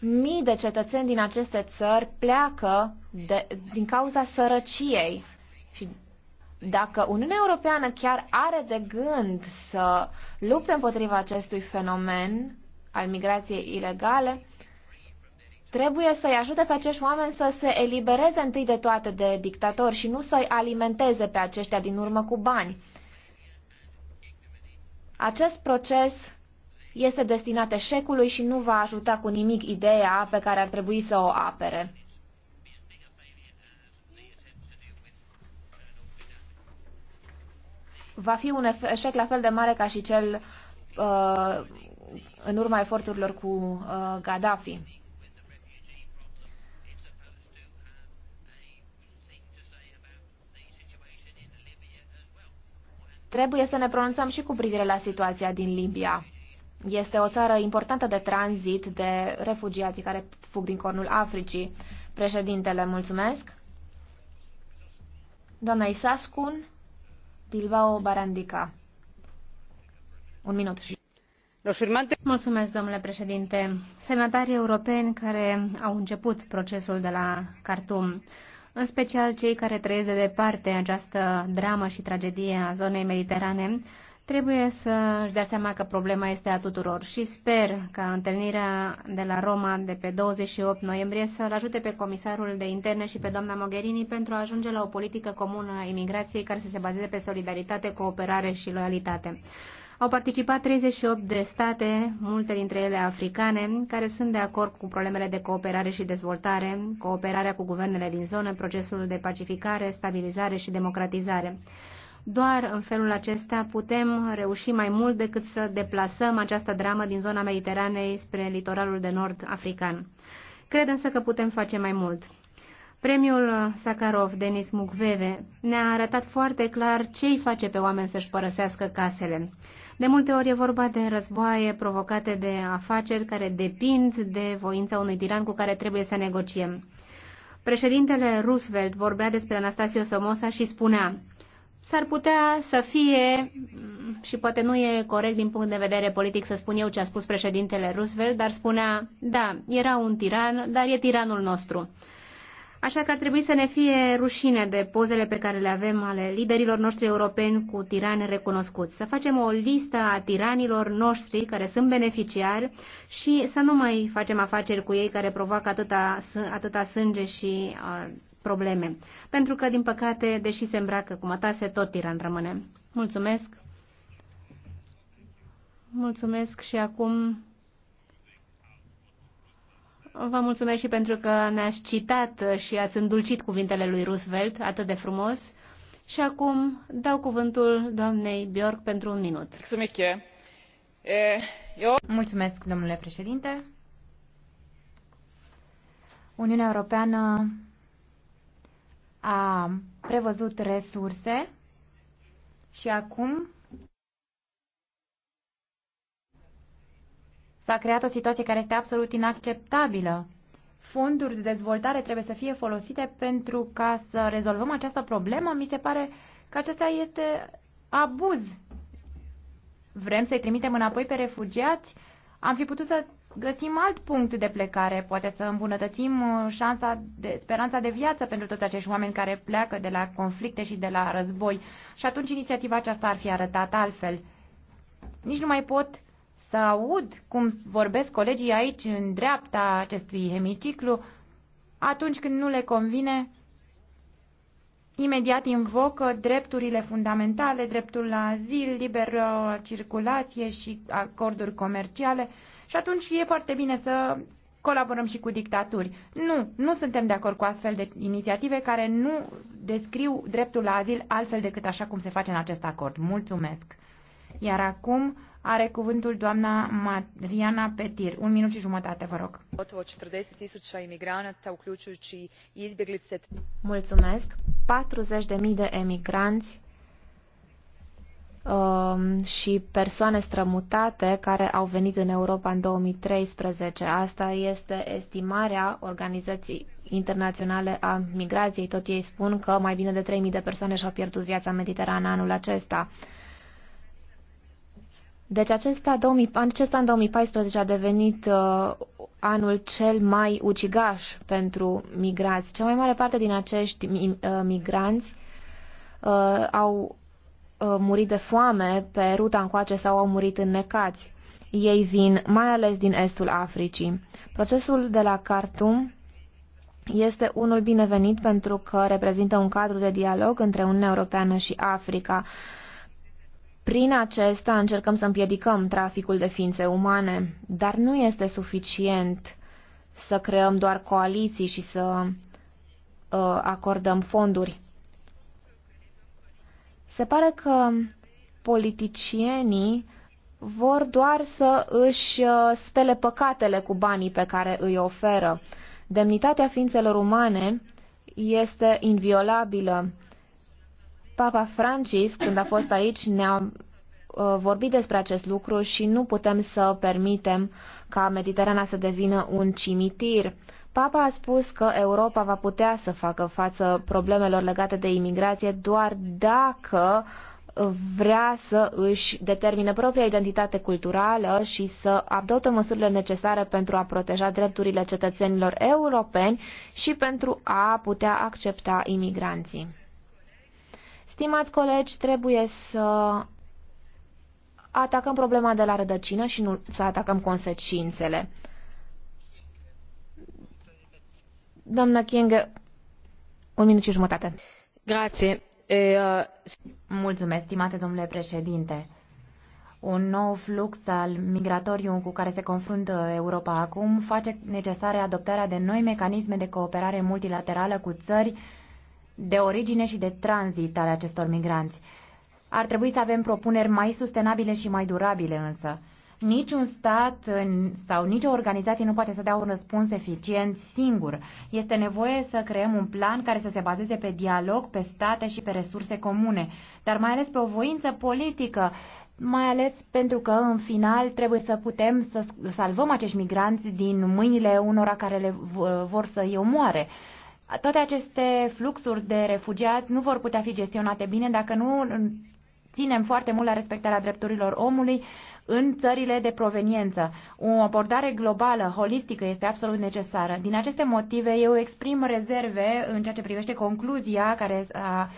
Mii de cetățeni din aceste țări pleacă de, din cauza sărăciei. Și dacă Uniunea Europeană chiar are de gând să lupte împotriva acestui fenomen al migrației ilegale, trebuie să-i ajute pe acești oameni să se elibereze întâi de toate de dictatori și nu să-i alimenteze pe aceștia din urmă cu bani. Acest proces este destinat eșecului și nu va ajuta cu nimic ideea pe care ar trebui să o apere. Va fi un eșec la fel de mare ca și cel uh, în urma eforturilor cu uh, Gaddafi. Trebuie să ne pronunțăm și cu privire la situația din Libia. Este o țară importantă de tranzit de refugiații care fug din cornul Africii. Președintele, mulțumesc. Doamna Isascun, Bilbao Barandica. Un minut și Mulțumesc, domnule președinte semnatarii europeni care au început procesul de la khartoum în special cei care trăiesc de departe această dramă și tragedie a zonei mediterane, trebuie să își dea seama că problema este a tuturor și sper ca întâlnirea de la Roma de pe 28 noiembrie să-l ajute pe comisarul de interne și pe doamna Mogherini pentru a ajunge la o politică comună a imigrației care să se bazeze pe solidaritate, cooperare și loialitate. Au participat 38 de state, multe dintre ele africane, care sunt de acord cu problemele de cooperare și dezvoltare, cooperarea cu guvernele din zonă, procesul de pacificare, stabilizare și democratizare. Doar în felul acesta putem reuși mai mult decât să deplasăm această dramă din zona Mediteranei spre litoralul de nord african. Cred însă că putem face mai mult. Premiul Sakharov, Denis Mukwege, ne-a arătat foarte clar ce îi face pe oameni să-și părăsească casele. De multe ori e vorba de războaie provocate de afaceri care depind de voința unui tiran cu care trebuie să negociem. Președintele Roosevelt vorbea despre Anastasio Somoza și spunea s-ar putea să fie, și poate nu e corect din punct de vedere politic să spun eu ce a spus președintele Roosevelt, dar spunea, da, era un tiran, dar e tiranul nostru. Așa că ar trebui să ne fie rușine de pozele pe care le avem ale liderilor noștri europeni cu tirani recunoscuți. Să facem o listă a tiranilor noștri care sunt beneficiari și să nu mai facem afaceri cu ei care provoacă atâta, atâta sânge și uh, probleme. Pentru că, din păcate, deși se îmbracă cu mătase, tot tiran rămâne. Mulțumesc! Mulțumesc și acum Vă mulțumesc și pentru că ne-ați citat și ați îndulcit cuvintele lui Roosevelt atât de frumos. Și acum dau cuvântul doamnei Bjork pentru un minut. Mulțumesc, domnule președinte. Uniunea Europeană a prevăzut resurse și acum S-a creat o situație care este absolut inacceptabilă. Fonduri de dezvoltare trebuie să fie folosite pentru ca să rezolvăm această problemă. Mi se pare că acesta este abuz. Vrem să-i trimitem înapoi pe refugiați? Am fi putut să găsim alt punct de plecare, poate să îmbunătățim uh, șansa de, speranța de viață pentru toți acești oameni care pleacă de la conflicte și de la război. Și atunci inițiativa aceasta ar fi arătat altfel. Nici nu mai pot să aud cum vorbesc colegii aici în dreapta acestui hemiciclu atunci când nu le convine imediat invocă drepturile fundamentale, dreptul la azil, liberă circulație și acorduri comerciale și atunci e foarte bine să colaborăm și cu dictaturi. Nu, nu suntem de acord cu astfel de inițiative care nu descriu dreptul la azil altfel decât așa cum se face în acest acord. Mulțumesc! Iar acum are cuvântul doamna Mariana Petir. Un minut și jumătate, vă rog. Mulțumesc. 40.000 de emigranți um, și persoane strămutate care au venit în Europa în 2013. Asta este estimarea Organizației Internaționale a Migrației. Tot ei spun că mai bine de 3.000 de persoane și-au pierdut viața în Mediterana anul acesta. Deci acesta, 2000, acesta în 2014 a devenit uh, anul cel mai ucigaș pentru migrați. Cea mai mare parte din acești mi, uh, migranți uh, au uh, murit de foame pe ruta încoace sau au murit înnecați. Ei vin mai ales din estul Africii. Procesul de la Khartoum este unul binevenit pentru că reprezintă un cadru de dialog între Uniunea Europeană și Africa. Uh, prin acesta încercăm să împiedicăm traficul de ființe umane, dar nu este suficient să creăm doar coaliții și să uh, acordăm fonduri. Se pare că politicienii vor doar să își uh, spele păcatele cu banii pe care îi oferă. Demnitatea ființelor umane este inviolabilă Papa Francis, când a fost aici, ne-a uh, vorbit despre acest lucru și nu putem să permitem ca Mediterana să devină un cimitir. Papa a spus că Europa va putea să facă față problemelor legate de imigrație doar dacă vrea să își determine propria identitate culturală și să adopte măsurile necesare pentru a proteja drepturile cetățenilor europeni și pentru a putea accepta imigranții. Stimați colegi, trebuie să atacăm problema de la rădăcină și nu să atacăm consecințele. Doamna King, un minut și jumătate. Grație. E, uh... Mulțumesc, stimate domnule președinte. Un nou flux al migratoriu cu care se confruntă Europa acum face necesară adoptarea de noi mecanisme de cooperare multilaterală cu țări de origine și de tranzit ale acestor migranți. Ar trebui să avem propuneri mai sustenabile și mai durabile însă. Niciun stat sau nicio organizație nu poate să dea un răspuns eficient singur. Este nevoie să creăm un plan care să se bazeze pe dialog, pe state și pe resurse comune, dar mai ales pe o voință politică, mai ales pentru că, în final, trebuie să putem să salvăm acești migranți din mâinile unora care le vor să-i omoare. Toate aceste fluxuri de refugiați nu vor putea fi gestionate bine dacă nu ținem foarte mult la respectarea drepturilor omului în țările de proveniență. O abordare globală, holistică, este absolut necesară. Din aceste motive, eu exprim rezerve în ceea ce privește concluzia care a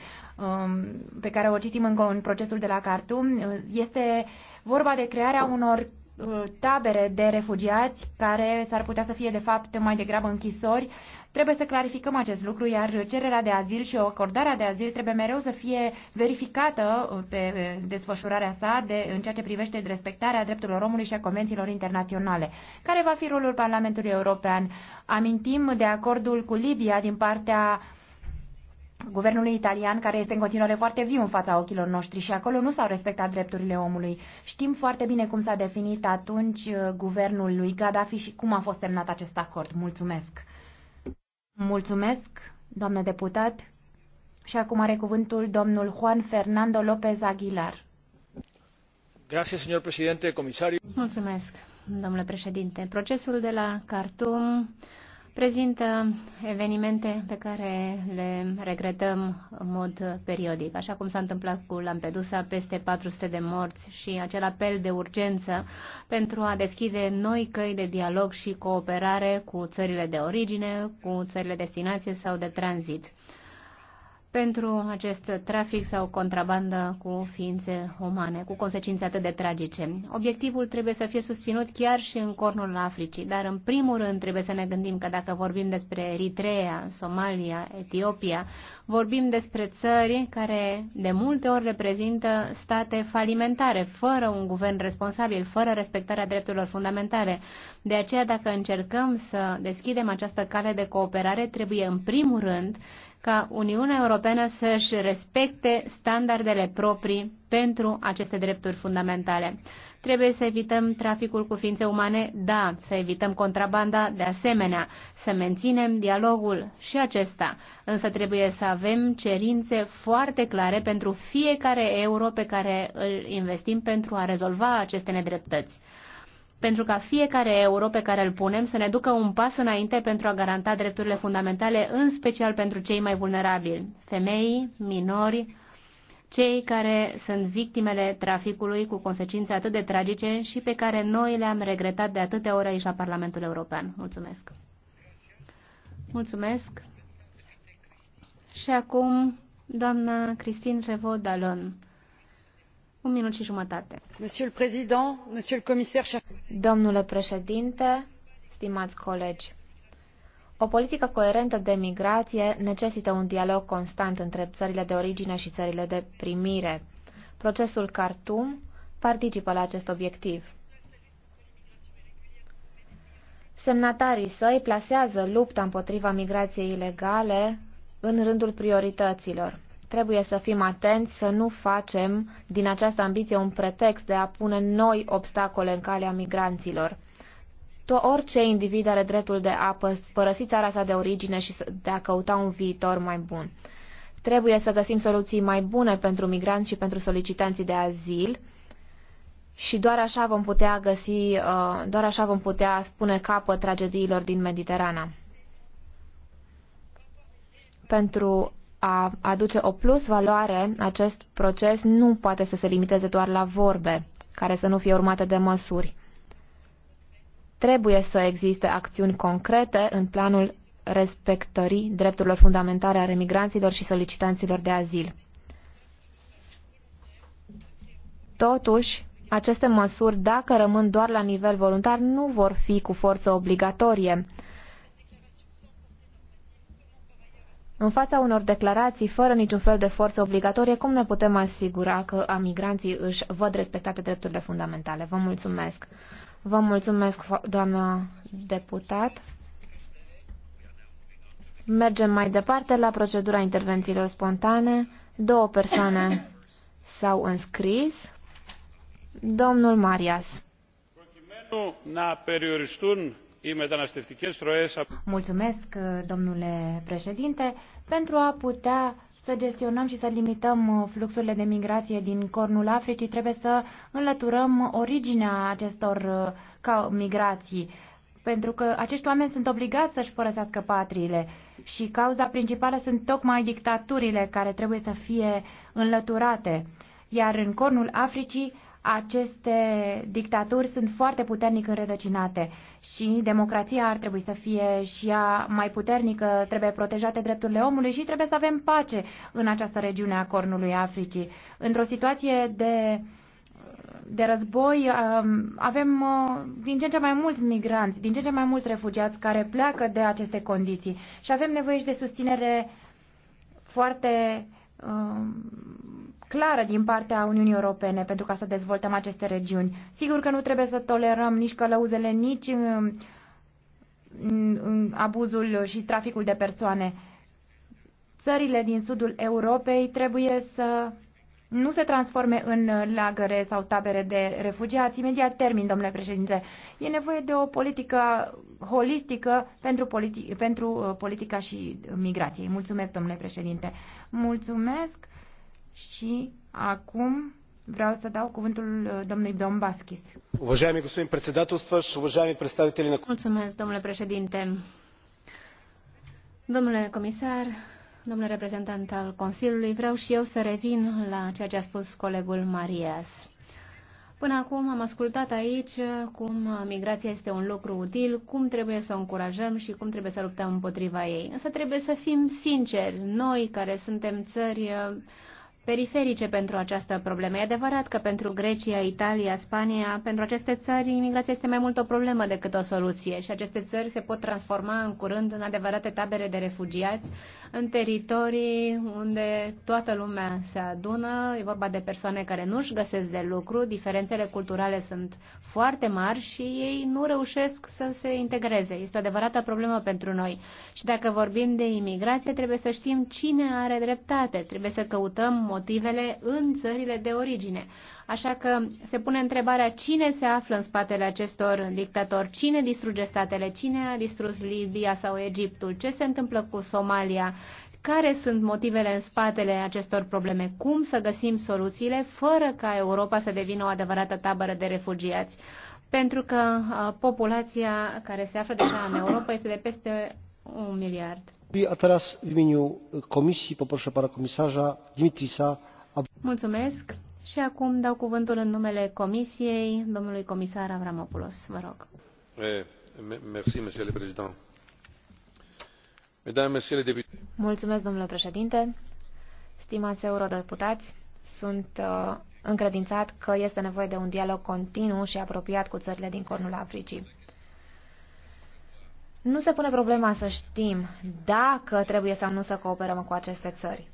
um, pe care o citim în, în procesul de la Khartoum, este vorba de crearea unor uh, tabere de refugiați care s-ar putea să fie de fapt mai degrabă închisori Trebuie să clarificăm acest lucru, iar cererea de azil și acordarea de azil trebuie mereu să fie verificată uh, pe uh, desfășurarea sa de, în ceea ce privește respectarea drepturilor omului și a convențiilor internaționale. Care va fi rolul Parlamentului European? Amintim de acordul cu Libia din partea guvernului italian, care este în continuare foarte viu în fața ochilor noștri și acolo nu s-au respectat drepturile omului. Știm foarte bine cum s-a definit atunci uh, guvernul lui Gaddafi și cum a fost semnat acest acord. Mulțumesc! Mulțumesc, doamnă deputat. Și acum are cuvântul domnul Juan Fernando López Aguilar. Gracias, señor presidente, comisario. Mulțumesc, domnule președinte. Procesul de la Cartum prezintă evenimente pe care le regretăm în mod periodic, așa cum s-a întâmplat cu Lampedusa, peste 400 de morți și acel apel de urgență pentru a deschide noi căi de dialog și cooperare cu țările de origine, cu țările destinație sau de tranzit pentru acest trafic sau contrabandă cu ființe umane, cu consecințe atât de tragice. Obiectivul trebuie să fie susținut chiar și în cornul Africii, dar în primul rând trebuie să ne gândim că dacă vorbim despre Eritrea, Somalia, Etiopia, vorbim despre țări care de multe ori reprezintă state falimentare, fără un guvern responsabil, fără respectarea drepturilor fundamentale. De aceea, dacă încercăm să deschidem această cale de cooperare, trebuie în primul rând ca Uniunea Europeană să-și respecte standardele proprii pentru aceste drepturi fundamentale. Trebuie să evităm traficul cu ființe umane, da, să evităm contrabanda, de asemenea, să menținem dialogul și acesta, însă trebuie să avem cerințe foarte clare pentru fiecare euro pe care îl investim pentru a rezolva aceste nedreptăți pentru ca fiecare euro pe care îl punem să ne ducă un pas înainte pentru a garanta drepturile fundamentale, în special pentru cei mai vulnerabili, femei, minori, cei care sunt victimele traficului cu consecințe atât de tragice și pe care noi le-am regretat de atâtea ori aici la Parlamentul European. Mulțumesc! Mulțumesc! Și acum, doamna Cristin Revodalon un minut și jumătate. Domnule președinte, stimați colegi, o politică coerentă de migrație necesită un dialog constant între țările de origine și țările de primire. Procesul Khartoum participă la acest obiectiv. Semnatarii săi plasează lupta împotriva migrației ilegale în rândul priorităților. Trebuie să fim atenți să nu facem din această ambiție un pretext de a pune noi obstacole în calea migranților. To orice individ are dreptul de a părăsi țara sa de origine și de a căuta un viitor mai bun. Trebuie să găsim soluții mai bune pentru migranți și pentru solicitanții de azil și doar așa vom putea găsi, uh, doar așa vom putea spune capăt tragediilor din Mediterana. Pentru a aduce o plus valoare, acest proces nu poate să se limiteze doar la vorbe, care să nu fie urmate de măsuri. Trebuie să existe acțiuni concrete în planul respectării drepturilor fundamentale ale migranților și solicitanților de azil. Totuși, aceste măsuri, dacă rămân doar la nivel voluntar, nu vor fi cu forță obligatorie. În fața unor declarații fără niciun fel de forță obligatorie, cum ne putem asigura că amigranții își văd respectate drepturile fundamentale? Vă mulțumesc. Vă mulțumesc, doamnă deputat. Mergem mai departe la procedura intervențiilor spontane. Două persoane s-au înscris. Domnul Marias. Mulțumesc, domnule președinte, pentru a putea să gestionăm și să limităm fluxurile de migrație din cornul Africii, trebuie să înlăturăm originea acestor uh, ca migrații pentru că acești oameni sunt obligați să-și părăsească patriile și cauza principală sunt tocmai dictaturile care trebuie să fie înlăturate. Iar în cornul Africii aceste dictaturi sunt foarte puternic înrădăcinate și democrația ar trebui să fie și ea mai puternică, trebuie protejate drepturile omului și trebuie să avem pace în această regiune a Cornului Africii. Într-o situație de, de război um, avem uh, din ce în ce mai mulți migranți, din ce în ce mai mulți refugiați care pleacă de aceste condiții și avem nevoie și de susținere foarte um, clară din partea Uniunii Europene pentru ca să dezvoltăm aceste regiuni. Sigur că nu trebuie să tolerăm nici călăuzele, nici um, în, în, abuzul și traficul de persoane. Țările din sudul Europei trebuie să nu se transforme în lagăre sau tabere de refugiați. Imediat termin, domnule președinte. E nevoie de o politică holistică pentru, politi- pentru uh, politica și migrației. Mulțumesc, domnule președinte. Mulțumesc. Și acum vreau să dau cuvântul uh, domnului Dombaschis. Уважаеми господин председателстващ, уважаеми представители на Mulțumesc, domnule președinte. Domnule comisar, domnule reprezentant al Consiliului, vreau și eu să revin la ceea ce a spus colegul Marias. Până acum am ascultat aici cum migrația este un lucru util, cum trebuie să o încurajăm și cum trebuie să luptăm împotriva ei. Însă trebuie să fim sinceri, noi care suntem țări uh, periferice pentru această problemă. E adevărat că pentru Grecia, Italia, Spania, pentru aceste țări, imigrația este mai mult o problemă decât o soluție și aceste țări se pot transforma în curând în adevărate tabere de refugiați în teritorii unde toată lumea se adună, e vorba de persoane care nu își găsesc de lucru, diferențele culturale sunt foarte mari și ei nu reușesc să se integreze. Este o adevărată problemă pentru noi. Și dacă vorbim de imigrație, trebuie să știm cine are dreptate, trebuie să căutăm motivele în țările de origine. Așa că se pune întrebarea cine se află în spatele acestor dictatori, cine distruge statele, cine a distrus Libia sau Egiptul, ce se întâmplă cu Somalia, care sunt motivele în spatele acestor probleme? Cum să găsim soluțiile fără ca Europa să devină o adevărată tabără de refugiați? Pentru că uh, populația care se află deja în Europa este de peste un miliard. Dimitrisa. Mulțumesc. Și acum dau cuvântul în numele Comisiei, domnului comisar Avramopoulos. Vă rog. Eh, merci, domnule președinte. Mulțumesc, domnule președinte. Stimați eurodeputați, sunt uh, încredințat că este nevoie de un dialog continuu și apropiat cu țările din Cornul Africii. Nu se pune problema să știm dacă trebuie sau nu să cooperăm cu aceste țări,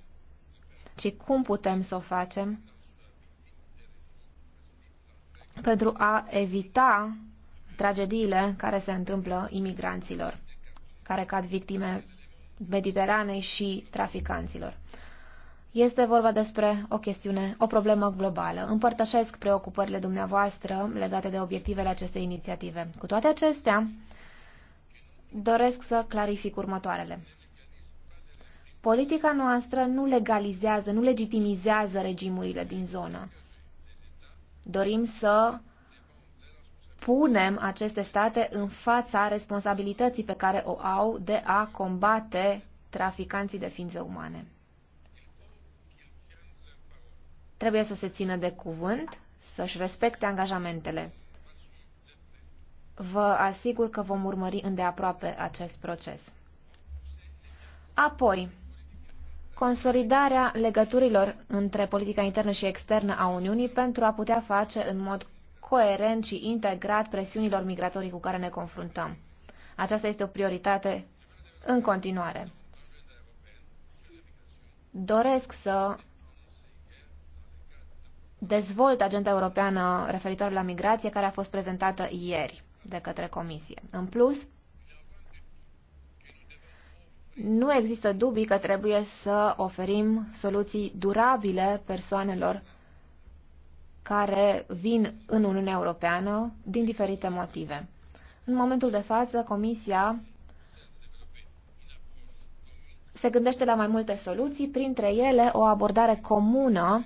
ci cum putem să o facem pentru a evita tragediile care se întâmplă imigranților, care cad victime Mediteranei și traficanților. Este vorba despre o chestiune, o problemă globală. Împărtășesc preocupările dumneavoastră legate de obiectivele acestei inițiative. Cu toate acestea, doresc să clarific următoarele. Politica noastră nu legalizează, nu legitimizează regimurile din zonă. Dorim să punem aceste state în fața responsabilității pe care o au de a combate traficanții de ființe umane. Trebuie să se țină de cuvânt, să-și respecte angajamentele. Vă asigur că vom urmări îndeaproape acest proces. Apoi, consolidarea legăturilor între politica internă și externă a Uniunii pentru a putea face în mod coerent și integrat presiunilor migratorii cu care ne confruntăm. Aceasta este o prioritate în continuare. Doresc să dezvolt agenda europeană referitoare la migrație care a fost prezentată ieri de către Comisie. În plus, nu există dubii că trebuie să oferim soluții durabile persoanelor care vin în Uniunea Europeană din diferite motive. În momentul de față, Comisia se gândește la mai multe soluții, printre ele o abordare comună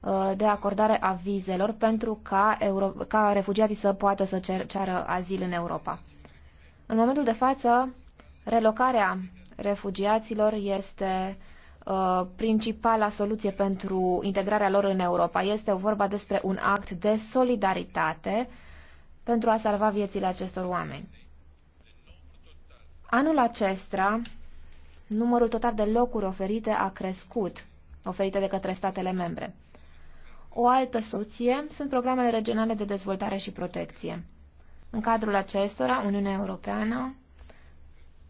uh, de acordare a vizelor pentru ca, euro, ca refugiații să poată să cer, ceară azil în Europa. În momentul de față, relocarea refugiaților este Uh, principala soluție pentru integrarea lor în Europa. Este vorba despre un act de solidaritate pentru a salva viețile acestor oameni. Anul acesta, numărul total de locuri oferite a crescut, oferite de către statele membre. O altă soluție sunt programele regionale de dezvoltare și protecție. În cadrul acestora, Uniunea Europeană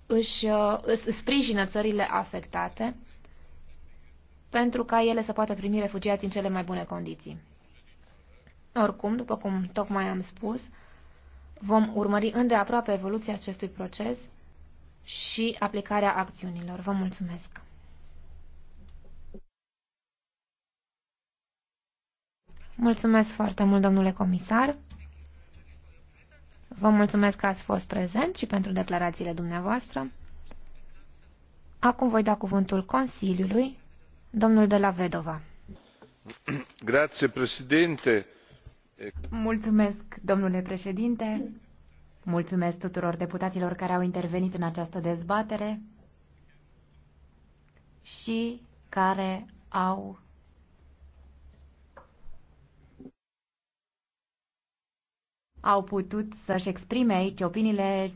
își, uh, își sprijină țările afectate pentru ca ele să poată primi refugiați în cele mai bune condiții. Oricum, după cum tocmai am spus, vom urmări îndeaproape evoluția acestui proces și aplicarea acțiunilor. Vă mulțumesc! Mulțumesc foarte mult, domnule comisar! Vă mulțumesc că ați fost prezent și pentru declarațiile dumneavoastră. Acum voi da cuvântul Consiliului Domnul de la Vedova. Mulțumesc, domnule președinte. Mulțumesc tuturor deputaților care au intervenit în această dezbatere și care au au putut să-și exprime aici opiniile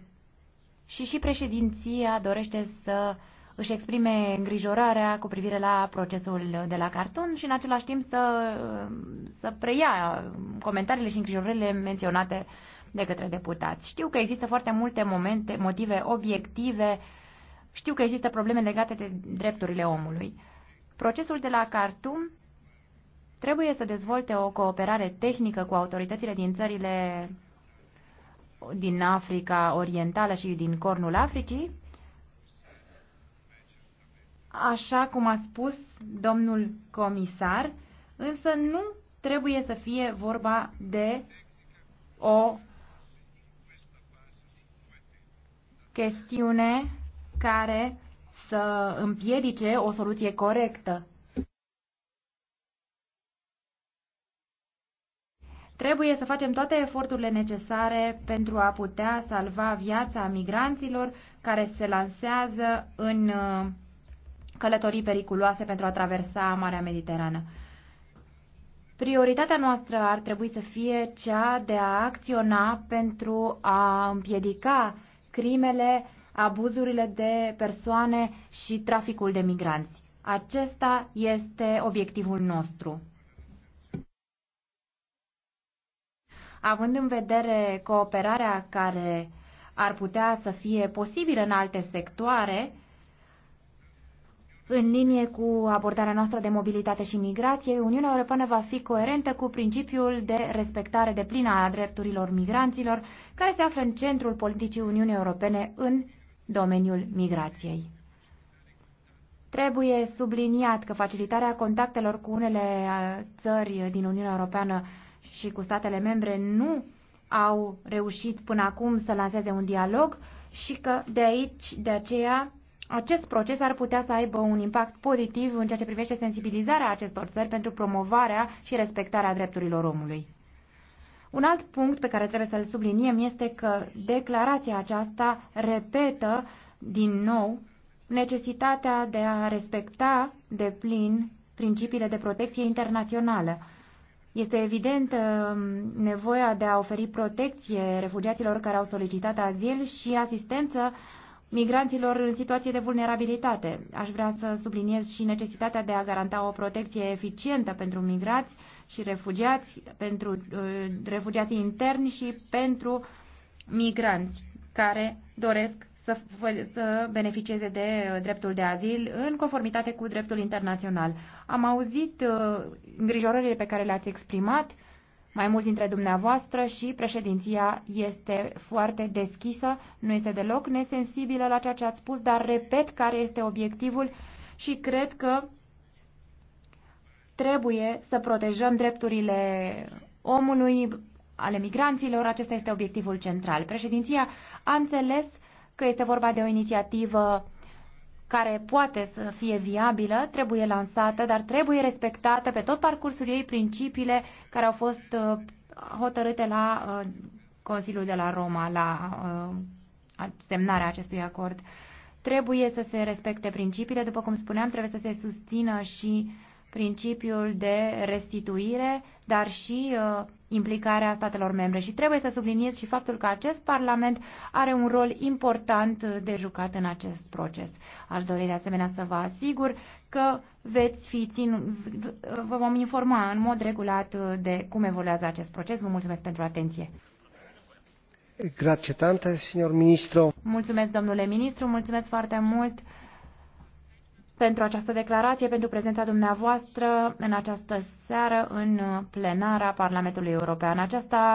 și și președinția dorește să își exprime îngrijorarea cu privire la procesul de la Carton și în același timp să, să preia comentariile și îngrijorările menționate de către deputați. Știu că există foarte multe momente, motive obiective, știu că există probleme legate de drepturile omului. Procesul de la Khartoum trebuie să dezvolte o cooperare tehnică cu autoritățile din țările din Africa Orientală și din Cornul Africii așa cum a spus domnul comisar, însă nu trebuie să fie vorba de o chestiune care să împiedice o soluție corectă. Trebuie să facem toate eforturile necesare pentru a putea salva viața migranților care se lansează în uh, călătorii periculoase pentru a traversa Marea Mediterană. Prioritatea noastră ar trebui să fie cea de a acționa pentru a împiedica crimele, abuzurile de persoane și traficul de migranți. Acesta este obiectivul nostru. Având în vedere cooperarea care ar putea să fie posibilă în alte sectoare, în linie cu abordarea noastră de mobilitate și migrație, Uniunea Europeană va fi coerentă cu principiul de respectare de plină a drepturilor migranților, care se află în centrul politicii Uniunii Europene în domeniul migrației. Trebuie subliniat că facilitarea contactelor cu unele țări din Uniunea Europeană și cu statele membre nu au reușit până acum să lanseze un dialog și că de aici, de aceea, acest proces ar putea să aibă un impact pozitiv în ceea ce privește sensibilizarea acestor țări pentru promovarea și respectarea drepturilor omului. Un alt punct pe care trebuie să-l subliniem este că declarația aceasta repetă din nou necesitatea de a respecta de plin principiile de protecție internațională. Este evident um, nevoia de a oferi protecție refugiaților care au solicitat azil și asistență migranților în situații de vulnerabilitate. Aș vrea să subliniez și necesitatea de a garanta o protecție eficientă pentru migrați și refugiați, pentru uh, refugiații interni și pentru migranți care doresc să, să beneficieze de uh, dreptul de azil în conformitate cu dreptul internațional. Am auzit uh, îngrijorările pe care le-ați exprimat mai mulți dintre dumneavoastră și președinția este foarte deschisă, nu este deloc nesensibilă la ceea ce ați spus, dar repet care este obiectivul și cred că trebuie să protejăm drepturile omului, ale migranților. Acesta este obiectivul central. Președinția a înțeles că este vorba de o inițiativă care poate să fie viabilă, trebuie lansată, dar trebuie respectată pe tot parcursul ei principiile care au fost uh, hotărâte la uh, Consiliul de la Roma, la uh, semnarea acestui acord. Trebuie să se respecte principiile, după cum spuneam, trebuie să se susțină și uh, principiul de restituire, dar și uh, implicarea statelor membre. Și trebuie să subliniez și faptul că acest Parlament are un rol important de jucat în acest proces. Aș dori de asemenea să vă asigur că veți fi țin, vă vom informa în mod regulat de cum evoluează acest proces. Vă mulțumesc pentru atenție. Grazie tante, signor ministro. Mulțumesc, domnule ministru, mulțumesc foarte mult pentru această declarație, pentru prezența dumneavoastră în această seară în plenara Parlamentului European. Aceasta